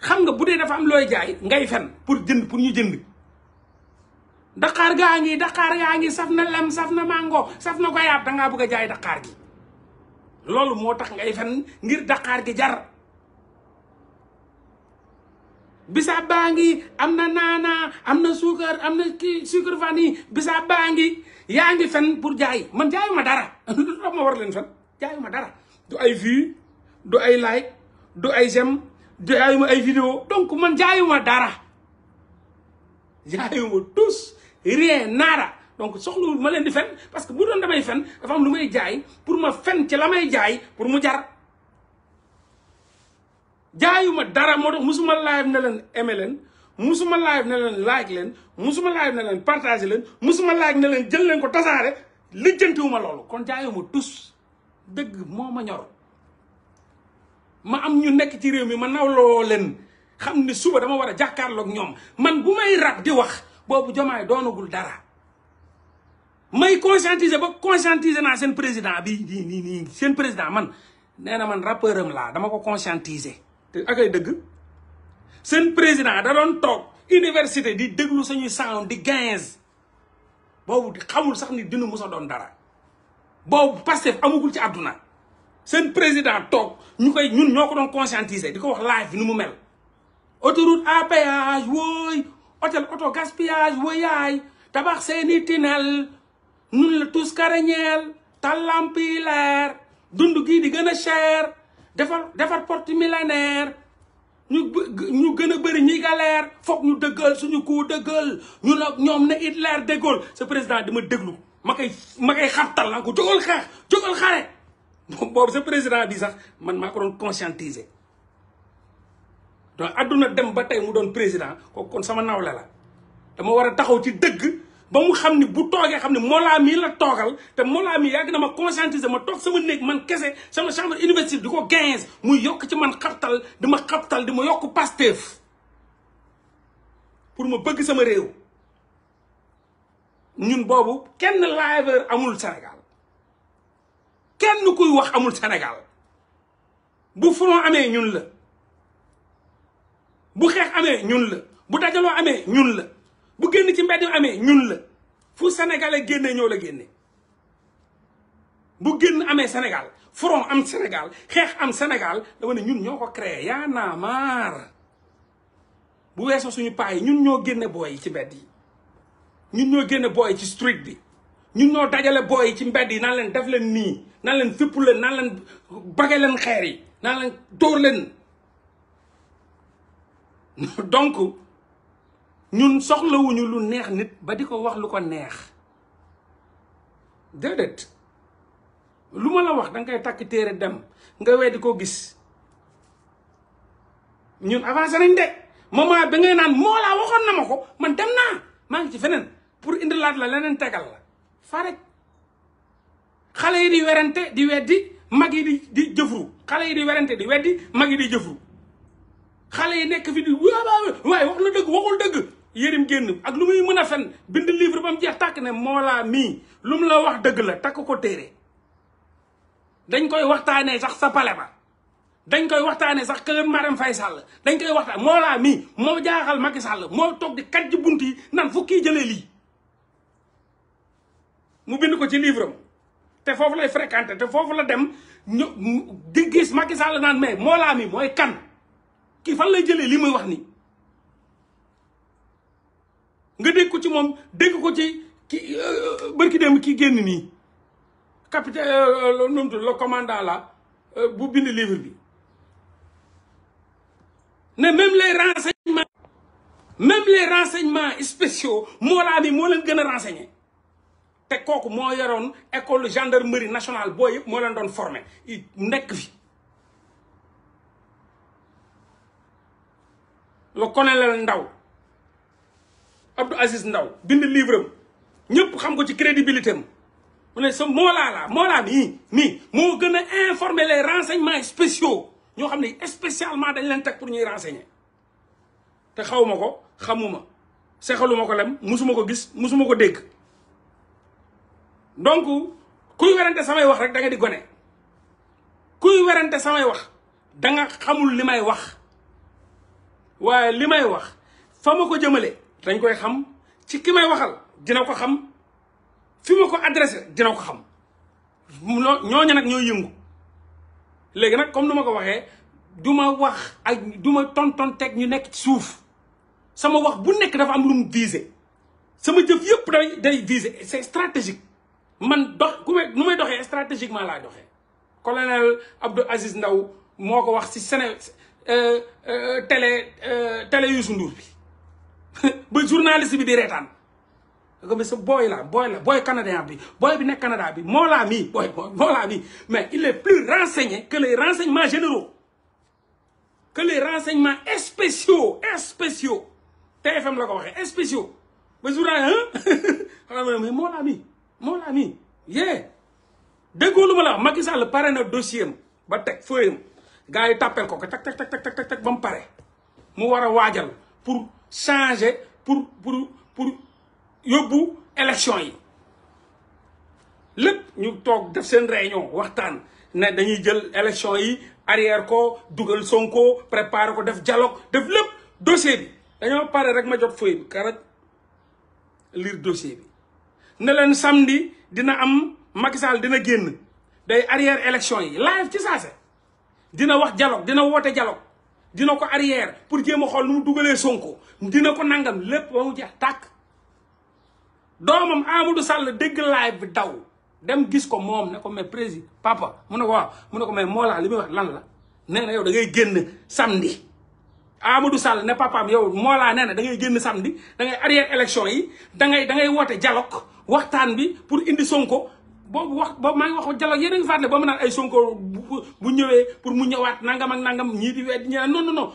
xam nga bu dee dafa am looy jaay ngay fen pour jënd pour ñu jënd daqaar gaa ngi daqaar gaa ngi saf na lem saf na mango saf na ko yaab dangaa bëgg a jaay daqaar gi loolu moo tax ngay fen ngir daqaar gi jar bisaab baa ngi am na naanaa am na suukar am na kii suukar vanille bisaab baa ngi yaa ngi fen pour jaay man jaayuma dara *laughs* lu tax ma war leen fen jaayuma dara du ay vues du ay like du ay j'aime du jaayuma ay vidéo donc man jaayuma dara jaayuma tous rien nada donc soxlawul ma leen di fen parce que bu doon damay fen dafa lu may jaay pour ma fen ci la may jaay pour mu jar jaayuma dara moo tax musuma live ne leen aimé leen musuma live ne leen like leen musuma live ne leen partagé leen musuma like ne leen jël leen ko tasaare lijjantiwuma loolu kon jaayuma tous dëgg moom a ñor ma am ñu nekk ci réew mi ma nawloo leen xam ne suba dama war a jàkkaarloog ñoom man bu may rab di wax boobu jomaay doonagul dara may conscientiser ba conscientiser naa seen président bi nii seen président man nee na man rappeuram laa dama ko conscientiser te ak dëgg seen président da doon toog université di déglu sañuy sound di quinze boobu xamul sax ni dina sa doon dara boobu Pastef amagul ci àdduna seen président toog ñu koy ñun ñoo ko doon conscientiser di ko wax live nu mu mel autoroute à péage wooy hôtel auto gaspillage wooyaay tabax seeni tunnel ñun la tous karañeel talampi leer dund gii di gën a cher defar defar porte millénaire ñu ñu gën a bëri ñi galère foog ñu dëggal suñu ko dëggal ñu nag ñoom ne Hitler de Gaulle sa président dama déglu ma koy ma koy xartal la ko jógal xeex jógal xare boobu sa président bi sax man maa ko doon conscientiser donc àdduna dem ba tey mu doon président kooku kon sama nawle la dama war a taxaw ci dëgg ba mu xam ni bu toogee xam ni Mollah mii la toogal te Mollah mii yàgg na ma conscientiser ma toog sama néeg man kese sama chambre université di ko quinze muy yokk ci man xabtal di ma xabtal di ma yokk Pastef pour ma bëgg sama réew ñun boobu kenn liveur amul Sénégal kenn kuy wax amul Sénégal bu front amee ñun la bu xeex amee ñun la bu dajaloo amee ñun la bu génn ci mbedd amee ñun la fu sénégalais génnee ñoo la génne bu génn amee Sénégal front am senegal xeex am Sénégal dama ne ñun ñoo ko créé yaa naa maar bu weesoo suñu paa yi ñun ñoo génne booy yi ci mbedd yi ñun ñoo génne booy yi ci street bi ñun ñoo dajale booy yi ci mbedd yi naan leen def leen nii naan leen fépp leen naan leen bage leen xeer yi naan leen dóor leen *laughs* donc ñun soxlawuñu lu neex nit ba di ko wax lu ko neex déedéet lu ma la wax danga koy takk téere dem nga weddi ko gis ñun avancé nañ de moment bi ngay naan moo laa waxoon na ma ko man dem naa maa ngi ci feneen pour indilaat la leneen tegal la fa rek xale yi di werante di weddi mag yi di di jëfru xale yi di werante di weddi mag yi di jëfru xale yi nekk fi di waaye wax na dëgg waxul dëgg yërim génn ak lu muy mën a fen bind livre ba mu jeex tàkk ne moolaa mii lu mu la wax dëgg la takk ko téere dañ koy waxtaanee sax sa pale ba dañ koy waxtaanee sax kër Marème Faye sàll dañ koy waxtaan moolaa mii moo jaaxal Macky Sall moo toog di kàjj bunt yi nan fu kii jëlee lii mu bind ko ci livre te foofu lay fréquenté te dem gis Macky Sall naan mais moolaa mii mooy kan kii fan lay jëlee li muy wax nii nga dégg ko ci moom dégg ko ci ki euh, bërki dem ki génn nii capitaine euh, numtu le commandant la euh, bu bind livre bi ne même les renseignements même les renseignements spéciaux moo laa mi moo leen gën a renseigné te kooku moo yoroon école gendarmerie nationale boo yëpp moo leen doon formé nekk fi le colonel Ndaw Abdou Aziz Ndaw bind livre am ñëpp xam ko ci crédibilité am mu ne sa moolaa la moolaa nii nii moo gën a informer les renseignements spéciaux ñoo xam ne spécialement dañ leen teg pour ñuy renseigner te xaw ko xamuma sexaluma ko lem musuma ko gis musuma ko dégg donc kuy werante samay wax rek da nga di gone samay wax da nga xamul li may wax waaye li may wax fa ko jëmale dañ koy xam ci ki may waxal dina ko xam fi ma ko adressé dina ko xam ñooñu nag ñooy yëngu léegi nag comme nu ma ko waxee du ma wax ak du ma tonton teg ñu nekk suuf sama wax bu nekk dafa am lu mu visé sama jëf yëpp day day visé c'est stratégique man dox ku may nu may doxee stratégiquement laa doxee colonel Abdou Aziz Ndaw moo ko wax ci Séné euh, euh, télé euh, télé Youssou Ndour bi *laughs* ba journaliste bi di reetaan nga mais sa booy la booy la booy canadien bi booy bi nekk Canada bi moo laa mii booy moo mais il est plus renseigné que les renseignements généraux que les renseignements TFM la ko waxee spéciaux ba journaliste *laughs* ah mais moo laa mii moo yee déggoo lu ma pare na dossier ba teg feuille am gars yi ko ko tak tak ba mu mu war a changer pour pour pour yóbbu élection yi lépp ñu toog def seen réunion waxtaan ne dañuy jël élection yi arrière ko dugal Sonko prépare ko def dialogue def lépp dossier bi dañoo pare rek ma jot feuille bi karaj lire dossier bi ne leen samedi dina am Macky Sall dina génn day arrière élection yi live ci saase dina wax jaloog dina woote dialogue dina ko arrière pour jéem a xool nu mu dugalee Sonko dina ko nangam lépp ba mu jeex tàkk doomam Amadou Sall dégg live bi daw dem gis ko moom ne ko mais président papa mu ne ko waaw mu ne ko mais Mollah li may wax lan la nee na yow da ngay génn samedi. Amadou Sall ne papaam yow Mollah nee na da ngay génn samedi dangay ngay arrière élection yi da ngay da ngay woote dialogue waxtaan bi pour indi Sonko. boobu wax boobu maa ngi wax dialogue yéen a ngi ba mu naan ay Sonko bu ñëwee pour mu ñëwaat nangam ak nangam ñii di wedd ñeneen non non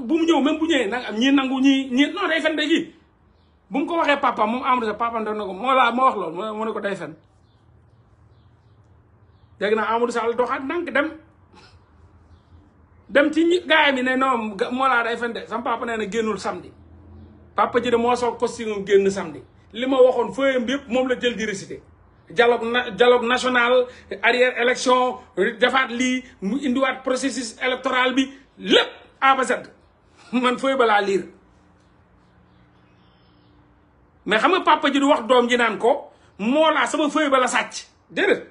bu mu ñëw même ñëwee nag ñii nangu ñii ñii non day fen day bu mu ko waxee papa moom Amadou Sall na ko moo wax loolu moo ne ko day fen léegi nag Amadou Sall doxaat dem ci ñi gaay mi ne non moo laa day fen de sam papa na génnul samedi papa ji de moo soog costume génn samedi li ma waxoon feuille bi yëpp moom la jël di récité dialogue na dialogue national arrière élection defaat lii mu indiwaat processus électoral bi lépp A ba Z man fooy balaa liir mais xam nga papa ji du wax doom ji naan ko moo laa sama fooy bala sàcc déedéet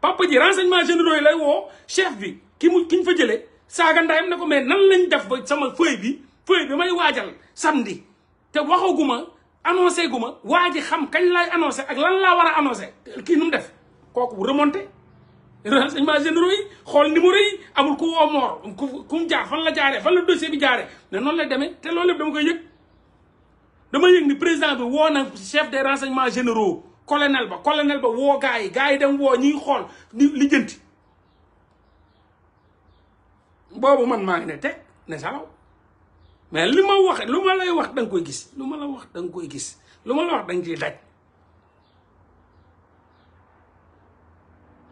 papa ji renseignement généraux lay woo chef bi ki mu ki fa jëlee saaga ndayam ne ko mais nan lañ def ba sama fooy bi fooy bi may waajal samedi te waxaguma annoncé gu ma waa ji xam kañ laay anoncé ak lan laa war a annoncé kii nu mu def kooku remonté renseignement généro yi xool numéro yi amul ku woo moor ku mu jaar fan la jaaree fan la dossier bi jaaree mais noonu lay demee te loolu lépp dama koy yëg dama yëg ni président bi woo na chef des renseignements généro colonel ba colonel ba woo gars yi gars yi dem woo ñuy xool li lijjanti boobu man maa ngi ne teg ne salaw mais li ma wax lu ma lay wax da nga koy gis lu ma la wax da nga koy gis lu ma la wax da nga ciy daj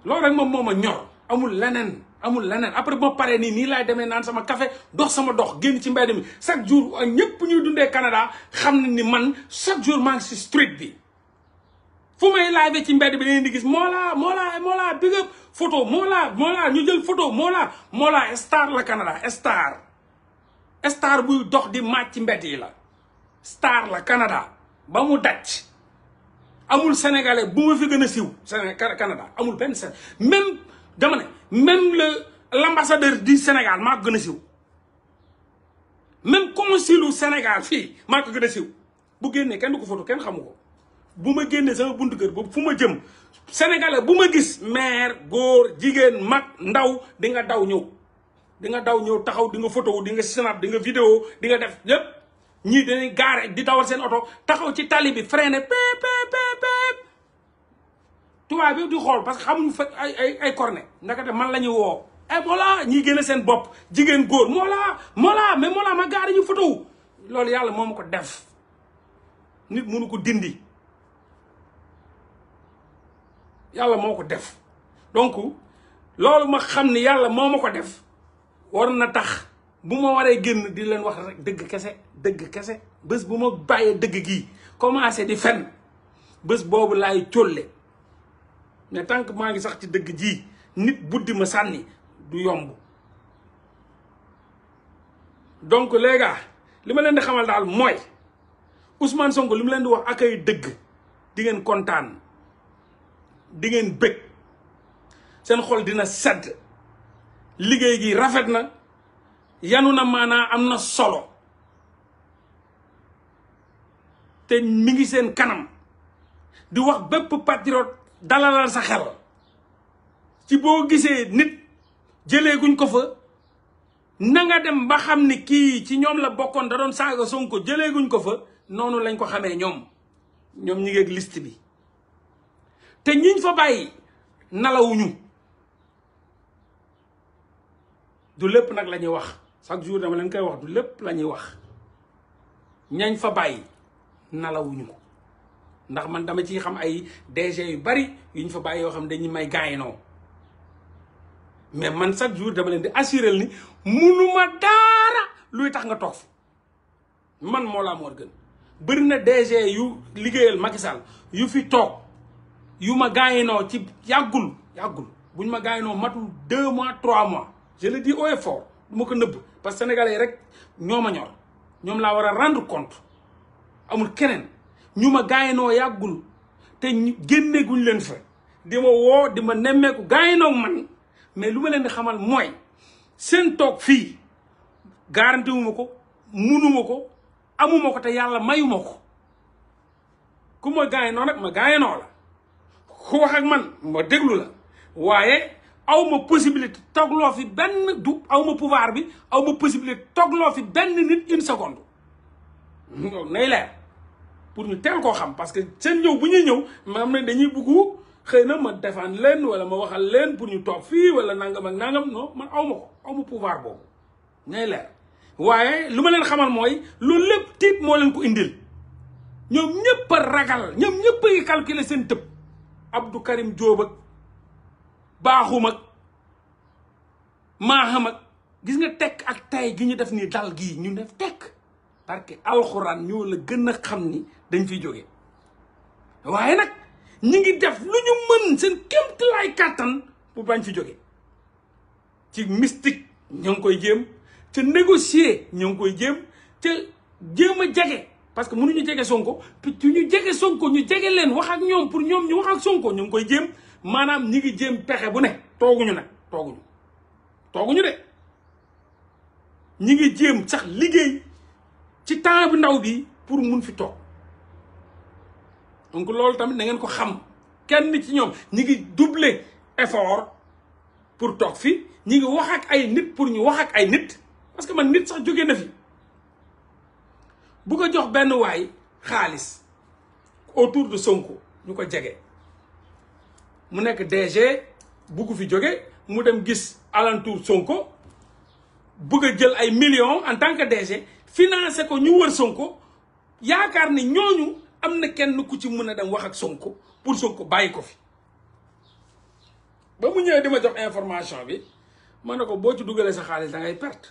loolu rek moom moo ma ñor amul leneen amul leneen après boo paree nii nii laay demee naan sama café dox sama dox génn ci mbedd mi chaque jour ñëpp ñuy dundee Canada xam na ni man chaque jour maa ngi si street bi fu may live ci mbedd bi leen di gis Mollah Mollah Mollah big up photo Mollah Mollah ñu jël photo Mollah Mollah star la Canada star star buy dox di màcc mbedd yi la star la Canada ba mu daj amul sénégalais bu ma fi gën a siiw Canada amul benn sén même dama ne même le l'ambassadeur du Sénégal maa ko gën a siiw maa ko gën a siiw bu génnee kenn du ko foto kenn xamu ko bu ma génnee sama buntu kër boobu fu ma jëm sénégalais bu ma gis maire góor jigéen mag ndaw di nga daw ñëw di nga daw ñëw taxaw di nga photo di nga snap di nga vidéo di def yépp ñii dañuy gaare di dawal seen oto taxaw ci tali bi freiné pep pep pep tubaab bi di xool parce que xamuñu fa ay ay ay corne ndakate man la ñu woo ay eh, Mollah ñii génne seen bopp jigéen góor Mollah Mollah mais Mollah ma gaare ñu photo loolu yàlla moo ma ko def nit mënu ko dindi yàlla moo ko def donc loolu ma xam ni yàlla moo ma ko def war na tax bu ma waree génn di leen wax rek dëgg kese dëgg kese bés bu ma bàyyee dëgg gii commencé di fen bés boobu laay cólle ne tant que maa ngi sax ci dëgg ji nit buddi ma sànni du yomb donc les li ma leen di xamal daal mooy Ousmane Sonko li mu leen di wax ak ay dëgg di ngeen kontaan di ngeen bëgg seen xol dina sedd liggéey gi rafet na yanu na maanaa am na solo te mi ngi seen kanam di wax bépp patriote dalalal sa xel ci boo gisee nit jëlee guñ ko fa na nga dem ba xam ni kii ci ñoom la bokkoon da doon saaga Sonko jëlee guñ ko fa noonu lañ ko xamee ñoom ñoom ñi ngeeg liste bi te ñiñ fa bàyyi nalawuñu du lépp nag la ñuy wax chaque jour dama leen koy wax du lépp la ñuy wax ñañ fa bàyyi nalawuñu ko ndax man dama ci xam ay DG yu bari yuñ fa bàyyi yoo xam dañuy may gaayanoo mais man chaque jour dama leen di assuré ni munuma daara luy tax nga toog fi man moo laa moor gën bëri na DG yu liggéeyal Macky yu fi toog yu ma gaayanoo ci yàggul yàggul buñ ma gaayanoo matul deux mois trois mois je le o haut et fort ko nëbb parce que sénégalais rek ñoo ma ñor ñoom laa war a rendre compte amul keneen ñu ma gayenoo yàggul te génneeguñ leen fa di ma woo di ma nemmeeku gaayanoo man mais lu ma leen di xamal mooy seen toog fii garanti ko munuma ko amuma ko te yàlla mayuma ko ku ma gaayanoo nag ma gaayanoo la ku wax ak man ma déglu la waaye awma possibilité toogloo fi benn du awma pouvoir bi awma possibilité toogloo fi benn nit une seconde loolu nay leer pour ñu teel koo xam parce que seen ñëw bu ñuy ñëw ma am ne dañuy buggu xëy na ma defaan leen wala ma waxal leen pour ñu toog fii wala nangam ak nangam non man awma ko awma pouvoir boobu nay leer waaye lu ma leen xamal mooy loolu lépp tiit moo leen ko indil ñoom ñëpp a ragal ñoom ñëpp a calculer seen tëb Abdou Karim Diop ak baaxum ak maaxam ak gis nga tekk ak tay gi ñu def ni dal gii ñu def tek parce que alxuraan ñoo la gën a xam ni dañ fiy jóge waaye nag ñu ngi def lu ñu mën seen kéemtalaay kàttan bu bañ fi jóge ci mystique ñoo ngi koy jéem ca négocier ñoo ngi koy jéem ca jéem a jege parce que mënuñu jege sonko ci ñu jege sonko ñu jege leen wax ak ñoom pour ñoom ñu wax ak sonko ñoo ngi koy jéem maanaam ñi ngi jéem pexe bu ne tooguñu na tooguñu tooguñu de ñi ngi jéem sax liggéey ci temps bi ndaw bi pour mun fi toog donc loolu tamit na ngeen ko xam kenn ci ñoom ñi ngi doubler effort pour toog fi ñi ngi waxak ay nit pour ñu wax ak ay nit parce que man nit sax jóge na fi bu ko jox benn waay xaalis autour de Sonko ñu ko jege mu nekk DG bugg fi jóge mu dem gis alentour Sonko bëgg a jël ay millions en tant que DG financé ko ñu wër Sonko yaakaar ni ñooñu am na kenn ku ci mën a dem wax ak Sonko pour Sonko bàyyi ko fi ba mu ñëwee di ma jox information bi ma ne ko boo ci dugalee sa xaalis da perte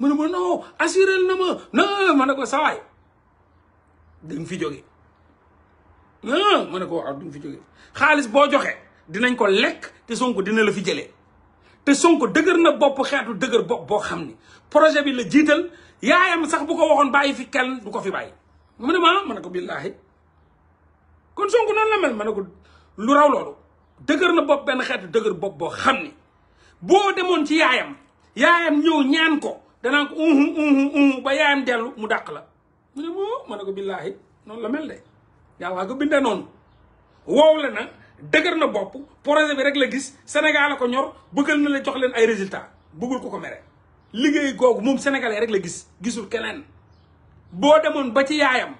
mu ne ma non assuré na ma non ma ne ko sawaay da fi jóge ma ne ko waaw duñ fi jógee xaalis boo joxee dinañ ko lekk te Sonko dina la fi jëlee te Sonko dëgër na bopp xeetu dëgër bopp boo xam ni projet bi la jiital yaayam sax bu ko waxoon bàyyi fi kenn du ko fi bàyyi mu ne ma ma ko billaahi kon Sonko noonu ma ne ko lu raw loolu na bopp benn xeetu dëgër bopp boo xam ni boo demoon ci yaayam yaayam ñëw ñaan ko danaa ko unhu unhu unhu ba yaayam dellu mu dàq la mu ne ma ma ne ko billaahi noonu la mel de yaa waa ko bindee noonu woow la na dëgër na bopp projet bi rek la gis Sénégal la ko ñor bëggal na la jox leen ay résultat bëggul ko ko mere liggéey googu moom sénégalais rek la gis gisul keneen boo demoon ba ci yaayam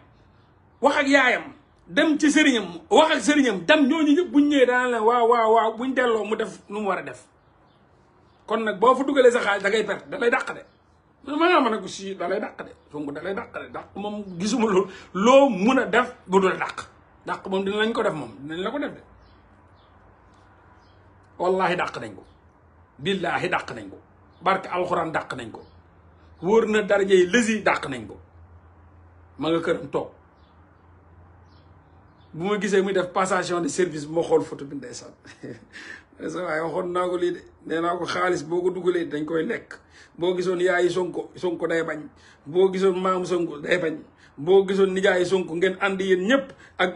wax ak yaayam dem ci sëriñam wax ak sëriñam dem ñooñu ñëpp buñ ñëwee dana leen waaw waaw bu ñu delloo mu def nu mu war a def kon nag boo fa dugalee sa xaalis da ngay perte da lay dàq de Mayama ne ko si dalay dàq de Sonko dalay dàq de dàq moom gisuma loolu loo mun a def bu dul dàq daq moom lañ ko def moom dinañ la ko def de wallahi dàq nañ ko billahi daq nañ ko barke alxuraan dàq nañ ko wóor na daraja yi lësi dàq nañ ko ma nga këram toog bu ma gisee muy def passation de service bu xool photo bi ndeysaan *laughs* sa waay waxoon naa ko lii de nee naa ko xaalis boo ko dugalee dañ koy lekk boo gisoon yaay sonko sonko day bañ boo gisoon maamu sonko day bañ boo gisoon nijaayi sonko ngeen ànd yéen ñëpp ak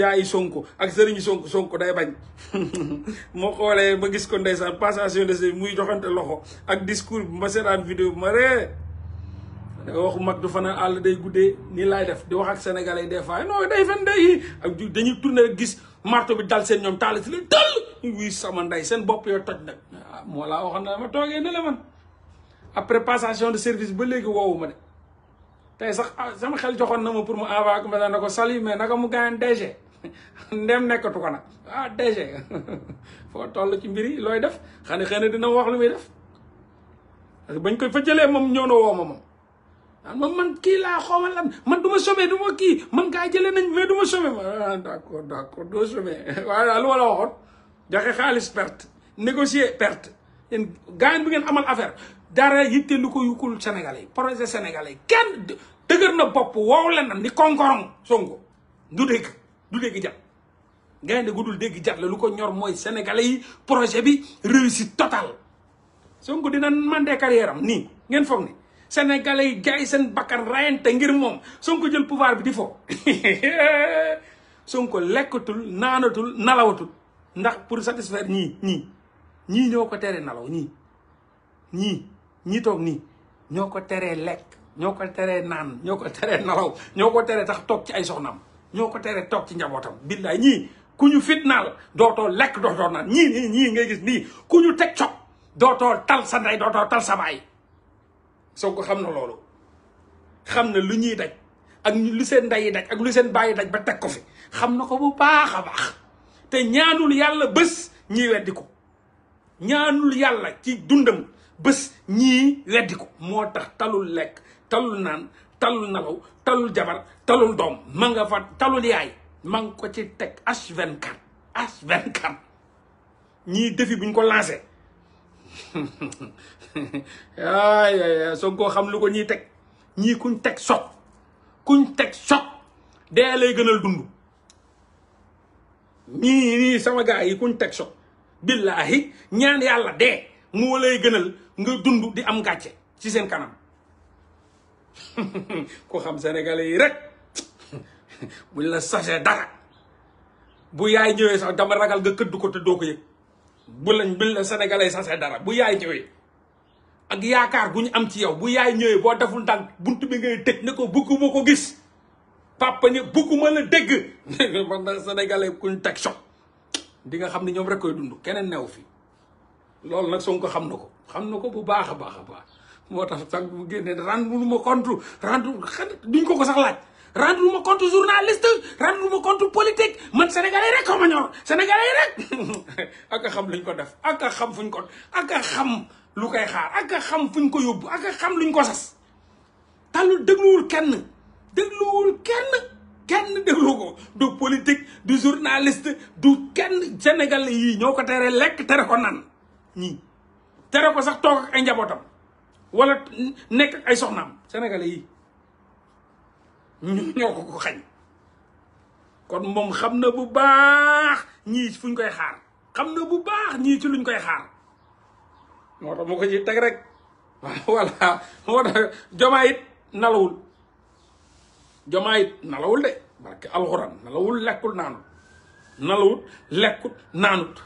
yaayi sonko ak sëriñu sonko sonko day bañ *laughs* moo xoolee ba gis ko ndeysaan passation muy joxante loxo ak discours bi ma seetaan vidéo bi ma waxu mag du fanaan àll day guddee nii laay def di wax ak sénégalais des fois non day fen day ak dañuy tourné gis marto bi dal seen ñoom taal si la dal wuy sama ndey seen bopp yoo toj nag ah moo laa waxoon na ma toogee ne la man après passation de service ba léegi woowu ma de tey sax ah, sama xel joxoon na ma pour mu envoyé ko ma ne ko salu mais naka mu gaañ DG *laughs* ndem nekkatu ko nag ah DG *laughs* foo toll ci mbir looy def xane xëy na dina wax lu muy def parce que bañ koy fa jëlee moom ñëw na woo man ah, man kii laa xawma lan man du ma sommee kii man gaa jëlee nañ mais du ma ah, *laughs* ma ah d' accord d' waaye daal lu joxe xaalis perte négocier perte yéen bu ngeen amal affaire dara yitte lu ko yukkul sénégalais yi projet sénégale yi kenn dëgër na bopp wow la am ni konkorong sonko du dégg du dégg jat gaynde gu dul dégg jat la lu ko ñor mooy sénégalais yi projet bi réussite totale sonko dina mandé carrière am nii ngeen foog ni sénégalais yi jaay seen bakkan rayante ngir moom sonko jël pouvoir bi di fo *laughs* sonko lekkatul naanatul nalawatul ndax pour satisfaire ñii ñii ñii ñoo ko teree nalaw ñii ñii ñii toog nii ñoo ko teree lekk ñoo ko teree naan ñoo ko teree nalaw ñoo ko teree tax toog ci ay soxnaam ñoo ko teree toog ci njabootam billaay ñii ku ñu fitnaal dootoo lekk dootoo naan ñii ñii ñii ngay gis nii ku ñu teg cog dootoo tal sa ndey dootoo tal sa baay soo ko xam na loolu xam na lu ñuy daj ak lu seen ndey yi daj ak lu seen baay yi daj ba teg ko fi xam na ko bu baax a baax te ñaanul yàlla bés ñii weddi ko ñaanul yàlla ci dundam bés ñii weddi ko moo tax talul lekk talul naan talul nalaw talul jabar talul doom ma nga fa talul yaay ma ko ci teg H24 H24 ñii defi buñ ko lancé *laughs* ay ay Sonko xam lu ko ñii teg ñii kuñ teg sot kuñ teg sot dee lay gënal dund nii nii sama gars yi kuñ teg choc billaahi ñaan yàlla dee moo lay gënal nga dund di am gàcce ci seen kanam *laughs* ku xam sénégalais yi rek *laughs* buñ la sase dara bu yaay ñëwee sax dama ragal nga këdd ko te doo ko yëg bu lañ buñ la sénégalais sase dara bu yaay ñëwee ak yaakaar gu ñu am ci yow bu yaay ñëwee boo deful ndànk bunt bi ngay tëj ne ko bëgguma ko gis Papa Niang bëgguma la dégg *laughs* man na sénégalais kuñ teg choc di nga xam ne ñoom rek koy dund keneen new fii loolu nag Sonko xam na ko xam na ko bu baax a baax a moo tax sax bu génnee rendre ma compte rendre duñ ko ko sax laaj rendre ma compte journaliste rendre ma compte politique man sénégalais rek ko ma ñor sénégalais rek *laughs* ak xam luñ ko def ak xam fuñ ko ak xam lu koy xaar ak xam fuñ ko yóbbu ak xam luñ ko sas tàllu dégluwul kenn dégluwul kenn kenn déglu ko du politique du journaliste du kenn sénégalais yi ñoo ko tere lekk tere ko nan ñii tere ko sax toog ay njabootam walla nekk ay soxnaam sénégalais yi ñu ñoo ko ko xañ kon moom xam na bu baax ñii fuñ koy xaar xam na bu baax ñii ci luñ koy xaar moo ko ci teg rek *laughs* voilà moo tax jomaa it nalawul jomaay nalawul de barke alxuraan nalawul lekkul naanut nalawut lekkut naanut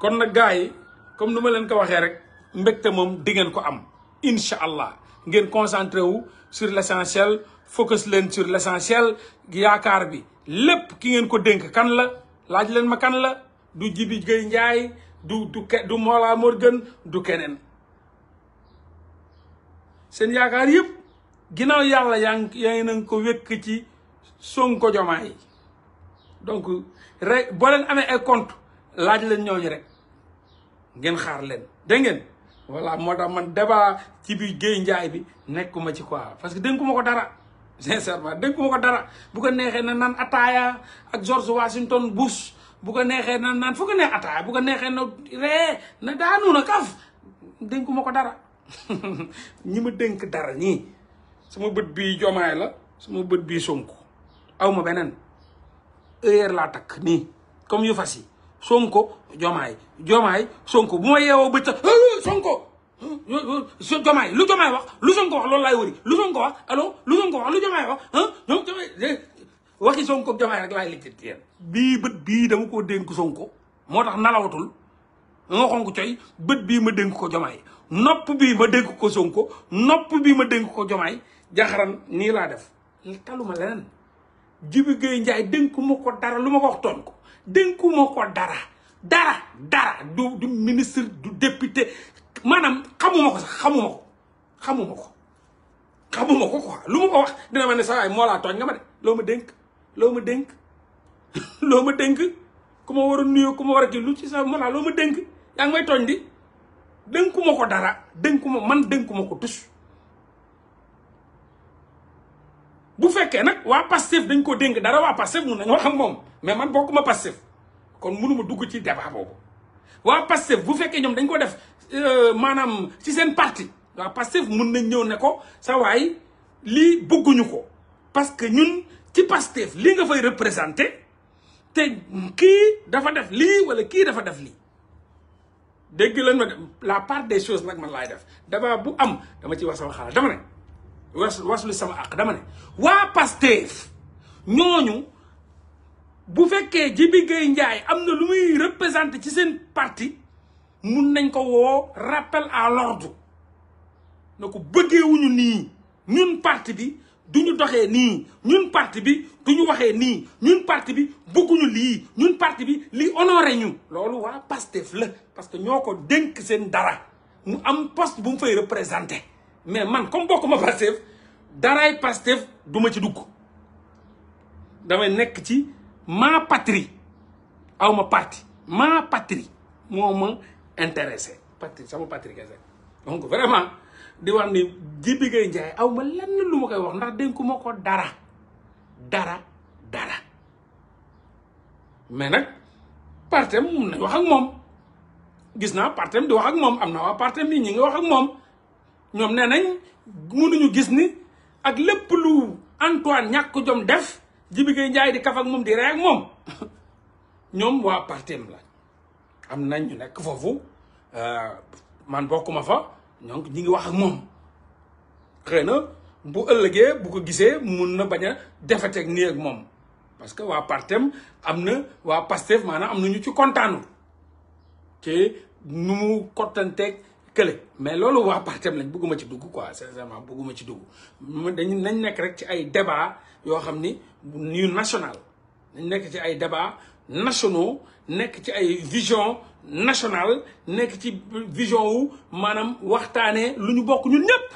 kon nag gars yi comme nu ma leen ko waxee rek mbégte moom di ngeen ko am incha allah ngeen concentré wu sur l' essentiel focus leen sur l' essentiel yaakaar bi lépp ki ngeen ko dénk kan la laaj leen ma kan la du Jibi Gueye Ndiaye du du du Mollah Morgun du keneen seen yaakaar yëpp ginaaw yàlla yaa ngi nañ ko wékk ci soo Diomaye yi donc rek boo leen amee ay contre laaj leen ñooñu rek ngeen xaar leen dégg ngeen voilà moo tax man débat ci biir Guèye Ndiaye bi nekkuma ci quoi parce que dénkuma ko dara sincèrement dénkuma ko dara bu ko neexee na naan ataaya ak George Washington Bush bu ko neexee na naan fu ko neex ataaya bu ko neexee na ree na daanu na kaf dénkuma ko dara *laughs* ñi ma dénk dara ñii sama bët bii jomaay la sama bët bii sonko aw ma beneen heure laa takk nii comme yu fas yi sonko jomaay jomaay sonko bu ma yeewoo bëccëg sonko jomaay lu jomaay wax lu sonko loolu laay wëri lu sonko wax wax lu jomaay wax ñoom jomaay waxi sonko jomaay rek laay lijjanti yéen bii bët bii dama koo dénk sonko moo tax nalawatul nga xonk ko coy bët bii ma dénk ko jomaay nopp bii ma dénk ko sonko nopp bii ma dénk ko jomaay jaxaran nii laa def taluma leneen Jibi Gueye Ndiaye dénkuma ko dara lu ma ko wax tooñ ko dénkuma ko dara dara dara du du ministre du député maanaam xamuma ko sax xamuma ko xamuma ko xamuma ko quoi lu ma ko wax dina ma ne sax ay moo laa tooñ nga ma de loo ma dénk loo ma dénk *laughs* loo ma dënk ku ma war a nuyoo ku ma war a kii lu ci sa moo laa loo ma dénk yaa ngi may tooñ di dénkuma ko dara dénkuma man dénkuma ko tus bu fekkee nag waa Pastef dañ ko dénk dara waa Pastef mun nañu wax ak moom mais man bokkuma Pastef kon mënuma dugg ci débat boobu waa Pastef bu fekkee ñoom dañ ko def euh, maanaam ci seen parti waa Pastef mun nañ ñëw ne ko sa waay lii bëgguñu ko parce que ñun ci Pastef lii nga fay représenté te kii dafa def lii wala kii dafa def lii dégg lañ ma dem la part des chose nag man laay def débat bu am dama ci wax sama xalaat dama ne waslu sama àq dama ne waa Pastef ñooñu bu fekkee Jibi Gueye Ndiaye am na lu muy représenté ci seen parti mun nañ ko woo rappel à l'ordre na ko bëggeewuñu nii ñun parti bi duñu doxee nii ñun parti bi ñu waxee nii ñun parti bi bëgguñu lii ñun parti bi li honoré ñu loolu waa Pastef la parce que ñoo ko dénk seen dara mu am poste bu mu fay représenté mais man comme bokkuma Pastef daraay Pastef du duma ci dugg damay nekk ci ma patrie aw ma parti ma patrie moo ma intéressé patrie sama patrie kese donc vraiment di wax ni Jibi Gueye Ndiaye aw ma lenn lu ma koy wax ndax dénku ma ko dara dara dara mais nag partem mun nañ wax ak moom gis naa partem di wax ak moom am na waa parti yi ñi ngi wax ak moom ñoom nee nañ mënuñu gis ni ak lépp lu Antoine ñàkk jom def Jibi Gueye Njaay di kaf moom di ree ak moom *laughs* ñoom waa partim la am nañ ñu nekk foofu euh, man bokkuma fa donc ñi ngi wax ak moom xëy na bu ëllëgee bu ko gisee mun na bañ a defeteeg nii ak moom parce que waa partem am na waa Pastef maanaam am na ñu ci kontaanul te nu mu kottanteeg kële mais loolu waa partem lañ bëgguma ci dugg quoi sincèrement bëgguma ci dugg dañu nañ nekk rek ci ay débat yoo xam ni yu national nañ nekk ci ay débat nationaux nekk ci ay vision national nekk ci vision wu maanaam waxtaanee lu ñu bokk ñun ñëpp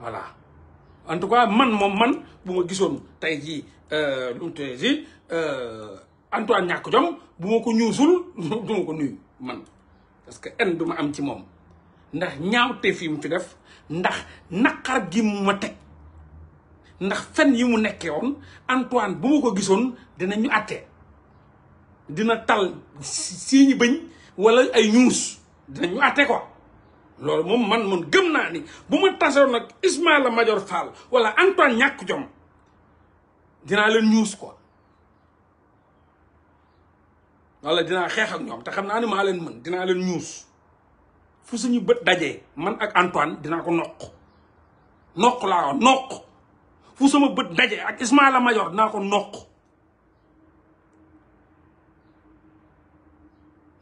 voilà en tout cas man moom man bu ma gisoon tey jii euh, lu mu tey jii euh, Antoine ñàkk jom bu ma ko ñuusul *laughs* du ma ko nuyu man parce que en du ma am ci moom ndax ñaawte fii mu fi def ndax naqar gi mu ma teg ndax fen yi mu nekkee woon Antoine bu ma ko gisoon dinañu àttee dina tal siiñi bëñ wala ay ñuus dinañu àtte ko loolu moom man man gëm naa ni bu ma tasoon nag la major Fall wala Antoine ñàkk jom dinaa leen ñuus ko wala dinaa xeex ak ñoom te xam naa ne maa leen mën dinaa leen ñuus fu suñu bët dajee man ak Antoine dinaa ko noq noq laa ko noq fu sama bët dajee ak Ismaïla Madior dinaa ko noq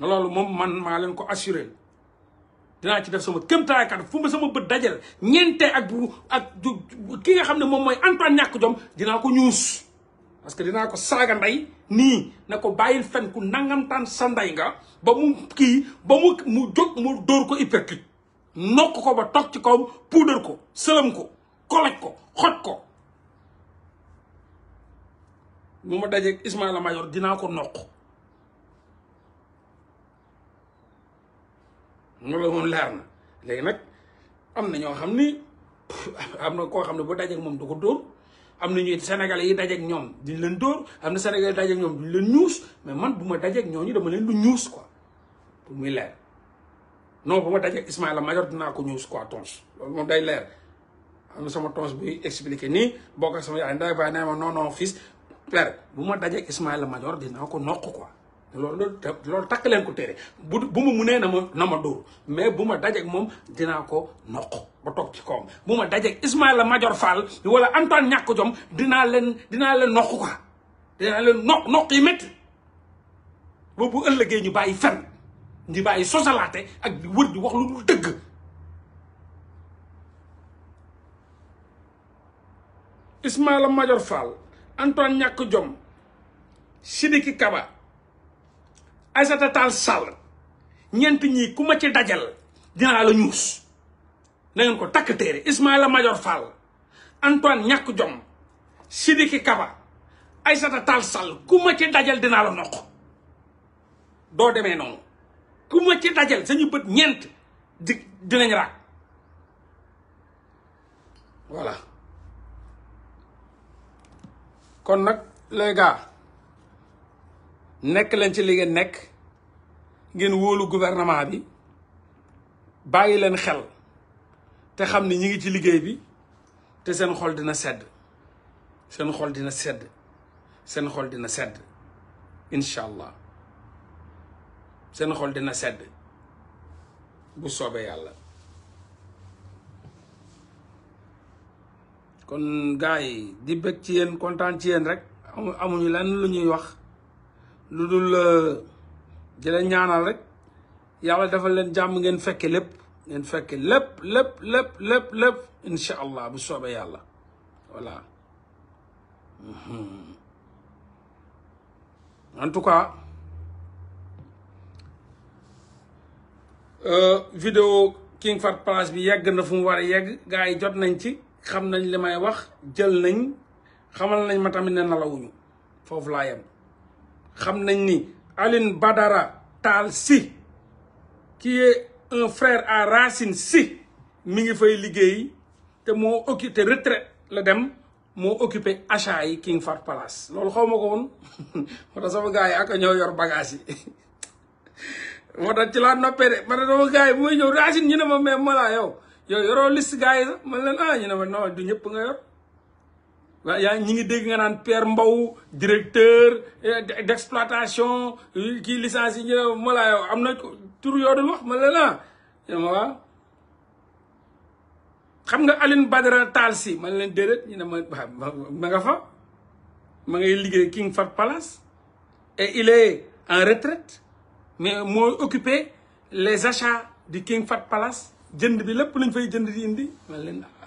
loolu moom man maa leen ko assuré dinaa ci def sama kéemtaay kat fu ma sama bët dajal ñeente ak bu ak ki nga xam ne moom mooy Antoine ñàkk jom dinaa ko ñuus parce que dinaa ko saaga ndey nii na ko bàyyil fen nangamtaan nangantaan sa ndey nga ba mu kii ba mu mu jóg mu dóor ko uppercut nokk ko ba toog ci kawam puudar ko sëlëm ko koloj ko xoj ko mu ma dajeeg Ismaïla Madior dinaa ko noq loolu moom leer na léegi nag am na ñoo xam ni am na koo xam ne boo dajeeg moom du ko dóor am na ñuy sénégalais yi dajeeg ñoom duñ leen dóor am na sénégalais yi dajeeg ñoom duñ leen ñuus mais man bu ma dajeeg ñu dama leen lu ñuus quoi muy leer non bu ma dajeeg Ismaïla Madior dinaa ko ñuus quoi tons loolu moom day leer am na sama tons buy expliqué nii bokk ak sama yaay nday baay nee ma non non fils leer bu ma dajeeg Ismaïla Madior dinaa ko noq ko loolu loolu takk leen ko téere bu ma mu munee na ma na ma dóor mais bu ma dajeeg moom dinaa ko noq ba toog ci kawam bu ma dajeeg Ismaïla Madior Fall wala Antoine ñàkk jom dinaa leen dinaa leen noq quoi dinaa leen noq noq yi métti boobu bu ñu bàyyi fen ñu bàyyi ak di wër di wax dëgg Ismaïla Madior Fall Antoine ñàkk jom Sidiki Kaba Aïssata Tall Sall ñeent ñii ku ma ci dajal dinaa la ñuus na ko takk téere Ismaïla Madior Fall Antoine ñàkk jom Sidiki Kaba Aïssata Tall Sall kuma ci dajal dinaa la noq doo demee noonu ku ma ci dajal sañu bët ñeent di dinañ raak voilà kon nag les nekk leen ci li ngeen nekk ngeen wóolu gouvernement bi bàyyi leen xel te xam ni ñi ngi ci liggéey bi te seen xol dina sedd seen xol dina sedd seen xol dina sedd incha allah seen xol dina sedd bu soobee yàlla kon gars yi di bëgg ci yéen kontaan ci yéen rek amuñu lenn lu ñuy wax lu dul euh, di leen ñaanal rek yàlla defal leen jàmm ngeen fekke lépp ngeen fekke lépp lépp lépp lépp lépp incha allah bu soobee yàlla voilà hmm. en tout cas euh, vidéo King Fahd Palace bi yegg na fu mu war a yegg gars yi jot nañ ci xam nañ li may wax jël nañ xamal nañ ma tamit ne nalawuñu foofu laa yem xam nañ ni Aline Badara Tall Sy qui est un frère à Racine Sy mi ngi fay liggéey te moo occupé retraite la dem moo occupé achat yi King Fahd Palace loolu xaw ma ko woon *laughs* moo tax sama gars yi ak ñoo yor bagage yi *laughs* moo tax ci laa noppee de ma ne sama gars yi ñëw Racine ñu ne ma mais Mollah yow yoroo liste gars yi man leen ah ñu ma non du nga yor waaw yaa ñi ngi dégg nga naan Père mbaw directeur eh, d'exploitation kii licence yi ñëw ma am na tur yoo wax ma la laa xam nga alin Badara Tall si man leen déedéet ñu ne ma ma nga fa ma ngay liggéey King Fahd Palace et il est en retraite mais moo occupé les achats di King fat Palace jënd bi lépp lañ fay jënd di indi man leen ah.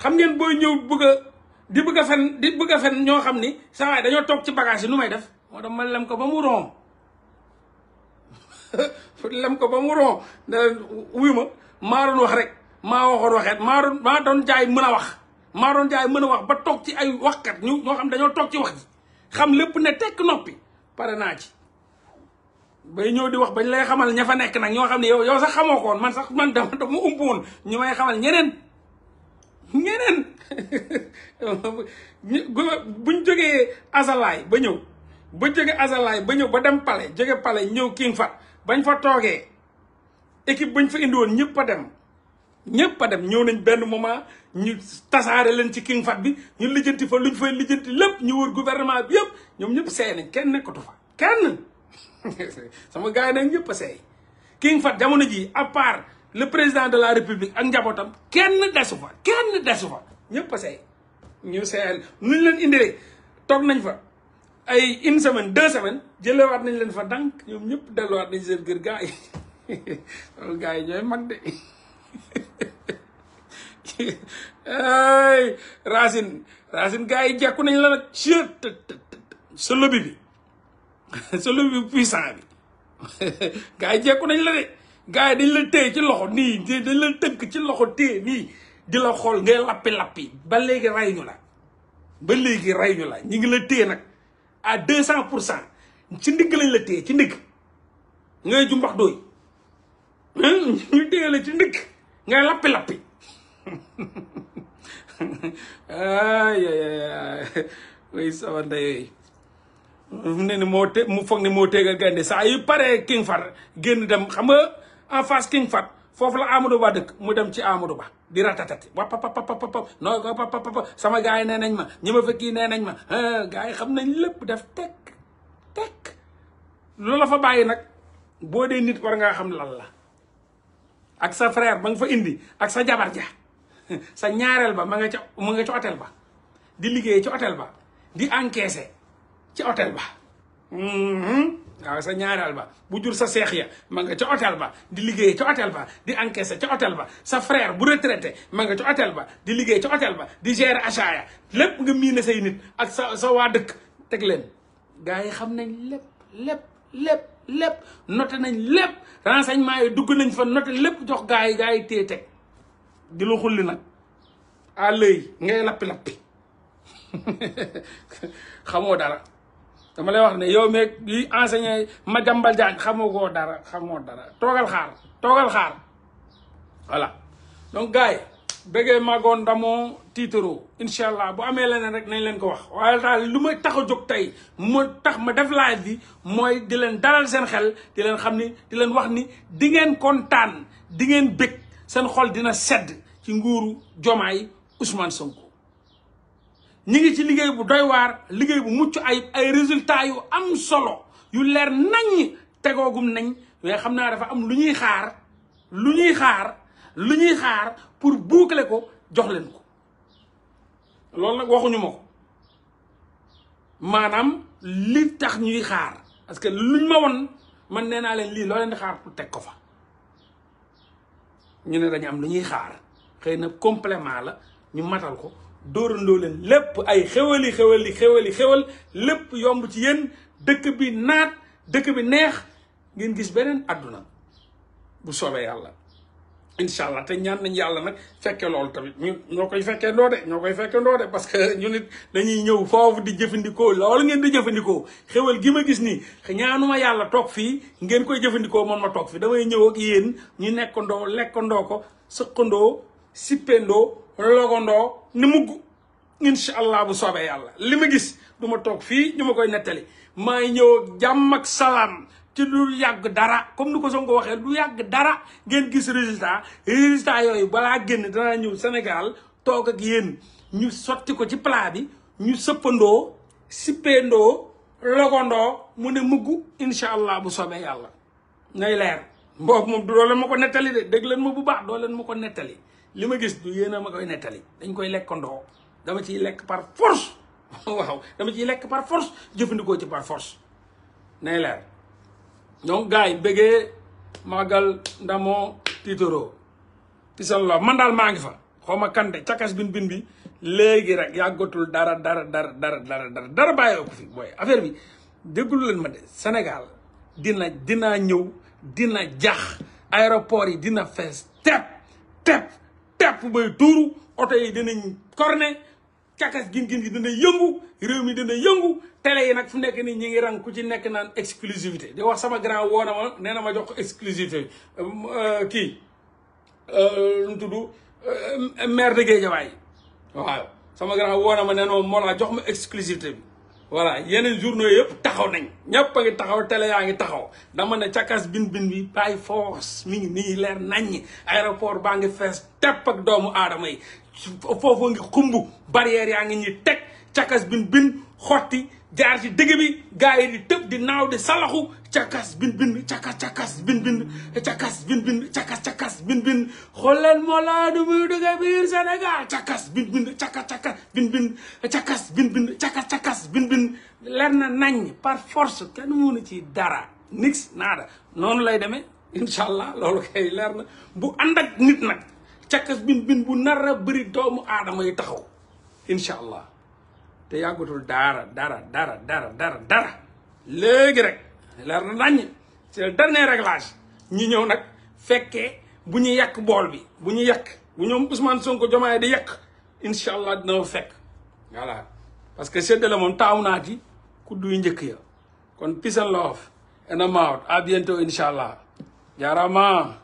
xam ngeen booy ñëw bëgg di bëgg a fen di bëgg a fen ñoo xam ni saa waay dañoo toog ci bagage yi nu may def moo tax ma lem ko ba mu ron *laughs* lem ko ba mu ron ne wuyu ma maa doon wax rek maa waxoon waxeet maa doon maa doon jaay mën a wax maa doon jaay mën a wax ba toog ci ay waxkat ñu ñoo xam dañoo toog ci wax ji xam lépp ne tekk noppi pare naa ci bay ñëw di wax bañ lay xamal ña fa nekk nag ñoo xam ne yow yow sax xamoo koon man sax man dama dama ump woon ñu may xamal ñeneen ñeneen *laughs* buñ jógee asalaay ba ñëw ba jóge asalaay ba ñëw ba dem pale jóge pale ñëw king fat bañ fa toogee équipe bañ fa indiwoon ñëpp a dem ñëpp dem ñëw nañ benn moment ñu tasaare leen ci king fat bi ñu lijjanti fa lu luñ fay lijjanti lépp ñu wër gouvernement bi yëpp ñoom ñëpp seey nañ kenn nekkatu fa kenn *laughs* sama gars yi nag ñëpp a seey king fat jamono ji à part le président de la république ak njabootam kenn desu fa kenn desu fa ñëpp a seey ñu seeyal nuñ leen indilee toog nañ fa ay une semaine deux semaines waat nañ leen fa dànk ñoom ñëpp delluwaat nañ seen kër gars yi *laughs* loolu gars yi ñooy mag de Racine Racine gars yi jekku nañ la nag chett sa lobby bi *laughs* sa lobby bi puissant bi *laughs* gars jekku nañ la de gars yi dañ la téye ci loxo nii dañ la tënk ci loxo téye nii di la xool ngay lappi-lappi ba léegi rey la ba léegi rey la ñu ngi la téye nag à deux cent pour cent ci ndigg lañ la téye ci ndigg ngay ci ndigg ngay lappi-lappi *laughs* ay ay sama ndey ne ni moo te mu foog ne moo téegal gaynde saa yu paree king far génn dem xam nga en face King Fat foofu la Amadou Ba dëkk mu dem ci Amadou Ba di ratatati wa papa papa papa non papa papa sama gars yi nee nañ ma ñi ma fekki nee nañ ma gars yi xam nañ lépp def tekk tekk loolu fa bàyyi nag boo dee nit war ngaa xam lal la ak sa frère ba nga fa indi ak sa jabar ja *laughs* sa ñaareel ba ma nga ca ma nga ci hôtel ba di liggéey ci hôtel ba di encaisser ci hôtel ba mm-hmm. waaw sa ñaareel ba bu jur sa seex ya ma nga ca hôtel ba di liggéey ca hôtel ba di encaissé ca hôtel ba sa frère bu retraité ma nga ca hôtel ba di liggéey ca hôtel ba di gérer achat ya lépp nga miine say nit ak sa sa waa dëkk teg leen gars yi xam nañ lépp lépp lépp lépp nañ lépp renseignement yi dugg nañ fa noté lépp jox gars yi gars yi téye teg di lu xulli nag à l'œil ngay lappi-lappi *laughs* xamoo dara dama lay wax ne yow meeg li enseigné Madiambal Diagne jàng koo dara xamoo dara toogal xaar toogal xaar voilà donc gars yi bëggee magoon ndamoo tiitaro incha allah bu amee leneen rek nañ leen ko wax waaye daal lu may tax a jóg tey moo tax ma def laa bi mooy di leen dalal seen xel di leen xam ni di leen wax ni di ngeen kontaan di ngeen bëgg seen xol dina sedd ci nguuru Jomaay Ousmane Sonko ñi ngi ci liggéey bu doy waar liggéey bu mucc ay ay résultats yu am solo yu leer nañ tegoogum nañ mais xam naa dafa am lu ñuy xaar lu ñuy xaar lu ñuy xaar pour boucler ko jox leen ko loolu nag waxuñu ma ko maanaam li tax ñuy xaar parce que luñ ma won man nee naa leen lii loo leen di xaar pour teg ko fa ñu ne dañu am lu ñuy xaar xëy na complément la ñu matal ko dóorandoo leen lépp ay xewali xewali xewali xewal lépp yomb ci yéen dëkk bi naat dëkk bi neex ngeen gis beneen àdduna bu soobee yàlla incha allah te ñaan nañ yàlla nag fekke loolu tamit ñoo koy fekkee ndoo de ñoo koy fekkee ndoo de parce que ñu nit dañuy ñëw foofu di jëfandikoo loolu ngeen di jëfandikoo xewal gi ma gis nii ñaanuma yàlla toog fii ngeen koy jëfandikoo moom ma toog fii damay ñëw ak yéen ñu nekkandoo lekkandoo ko sëqandoo sippendoo logandoo ni mugg incha allah bu soobee yàlla li ma gis du ma toog fii ñu ma koy nettali maa ngi ñëw ak jàmm ak salaam ci du yàgg dara comme ni ko ko waxee du yàgg dara ngeen gis résultat résultat yooyu balaa génn danaa ñëw Sénégal toog ak yéen ñu sotti ko ci palaa bi ñu sëppandoo sippeendoo logandoo mu ne muggu incha allah bu soobee yàlla nay leer mboobu moom du doo leen ma ko nettali de dégg leen ma bu baax doo leen ma ko nettali li ma gis du yéen a ma koy nettali dañ koy lekkandoo dama ciy lekk par force *laughs* dama ciy lekk par force jëfandikoo ci par force nay leer donc gars yi bëggee màggal ndamoo tiitoro pisal la man daal maa ngi fa xaw ma kante cakas bin bin bi léegi rek yàggatul dara dara dara dara dara dara dara bàyyoo ko fi booy affaire bi déglu leen ma de Sénégal dina dinaa ñëw dina jax aéroport yi dina fees tepp tepp tepp bay tuuru oto yi dinañ corné cakas gin-gin gi dina yëngu réew mi dina yëngu télé yi nag fu nekk ni ñi ngi rang ku ci nekk naan exclusivité di wax sama grand woo na ma nee na ma jox ko exclusivité euh, kii lu euh, mu tudd euh, maire de Guédiawaye waaw sama grand woo na ma nee na ma moo jox ma exclusivité bi voilà yeneen journaux yëpp taxaw nañ ñëpp a ngi taxaw tele yaa ngi taxaw dama ne cakas bin bin bi by force mi ngi nii leer naññi aéroport baa ngi fees tepp ak doomu aadama yi foofu ngi xumb barrière yaa ngi ñuy teg cakas bin bin xotti jaar ci digg bi gars yi di tëb di naaw di salaxu cakas bin bin cakas cakas bin bin cakas bin bin cakas cakas bin bin xoolal Mollah du muy dugg biir cakas bin bin cakas bin bin cakas bin bin cakas bin bin leer na nañ par force kenn mënu ci dara nix naada noonu lay demee incha allah loolu kay leer na bu ànd ak nit nag cakas bin bin bu nar a bëri doomu aadama yi taxaw incha allah te yàggutul dara dara dara dara dara leer na naññ c'est le dernier réglage ñi ñëw nag fekkee bu ñu yàq bool bi bu ñu yàq bu ñoom Ousmane Sonko Diomaye di yàq incha allah dina ko fekk voilà parce que seddale moom taamu naa ci kuddu yu njëkk ya kon peace and love and I'm out à bientôt incha allah jaaraama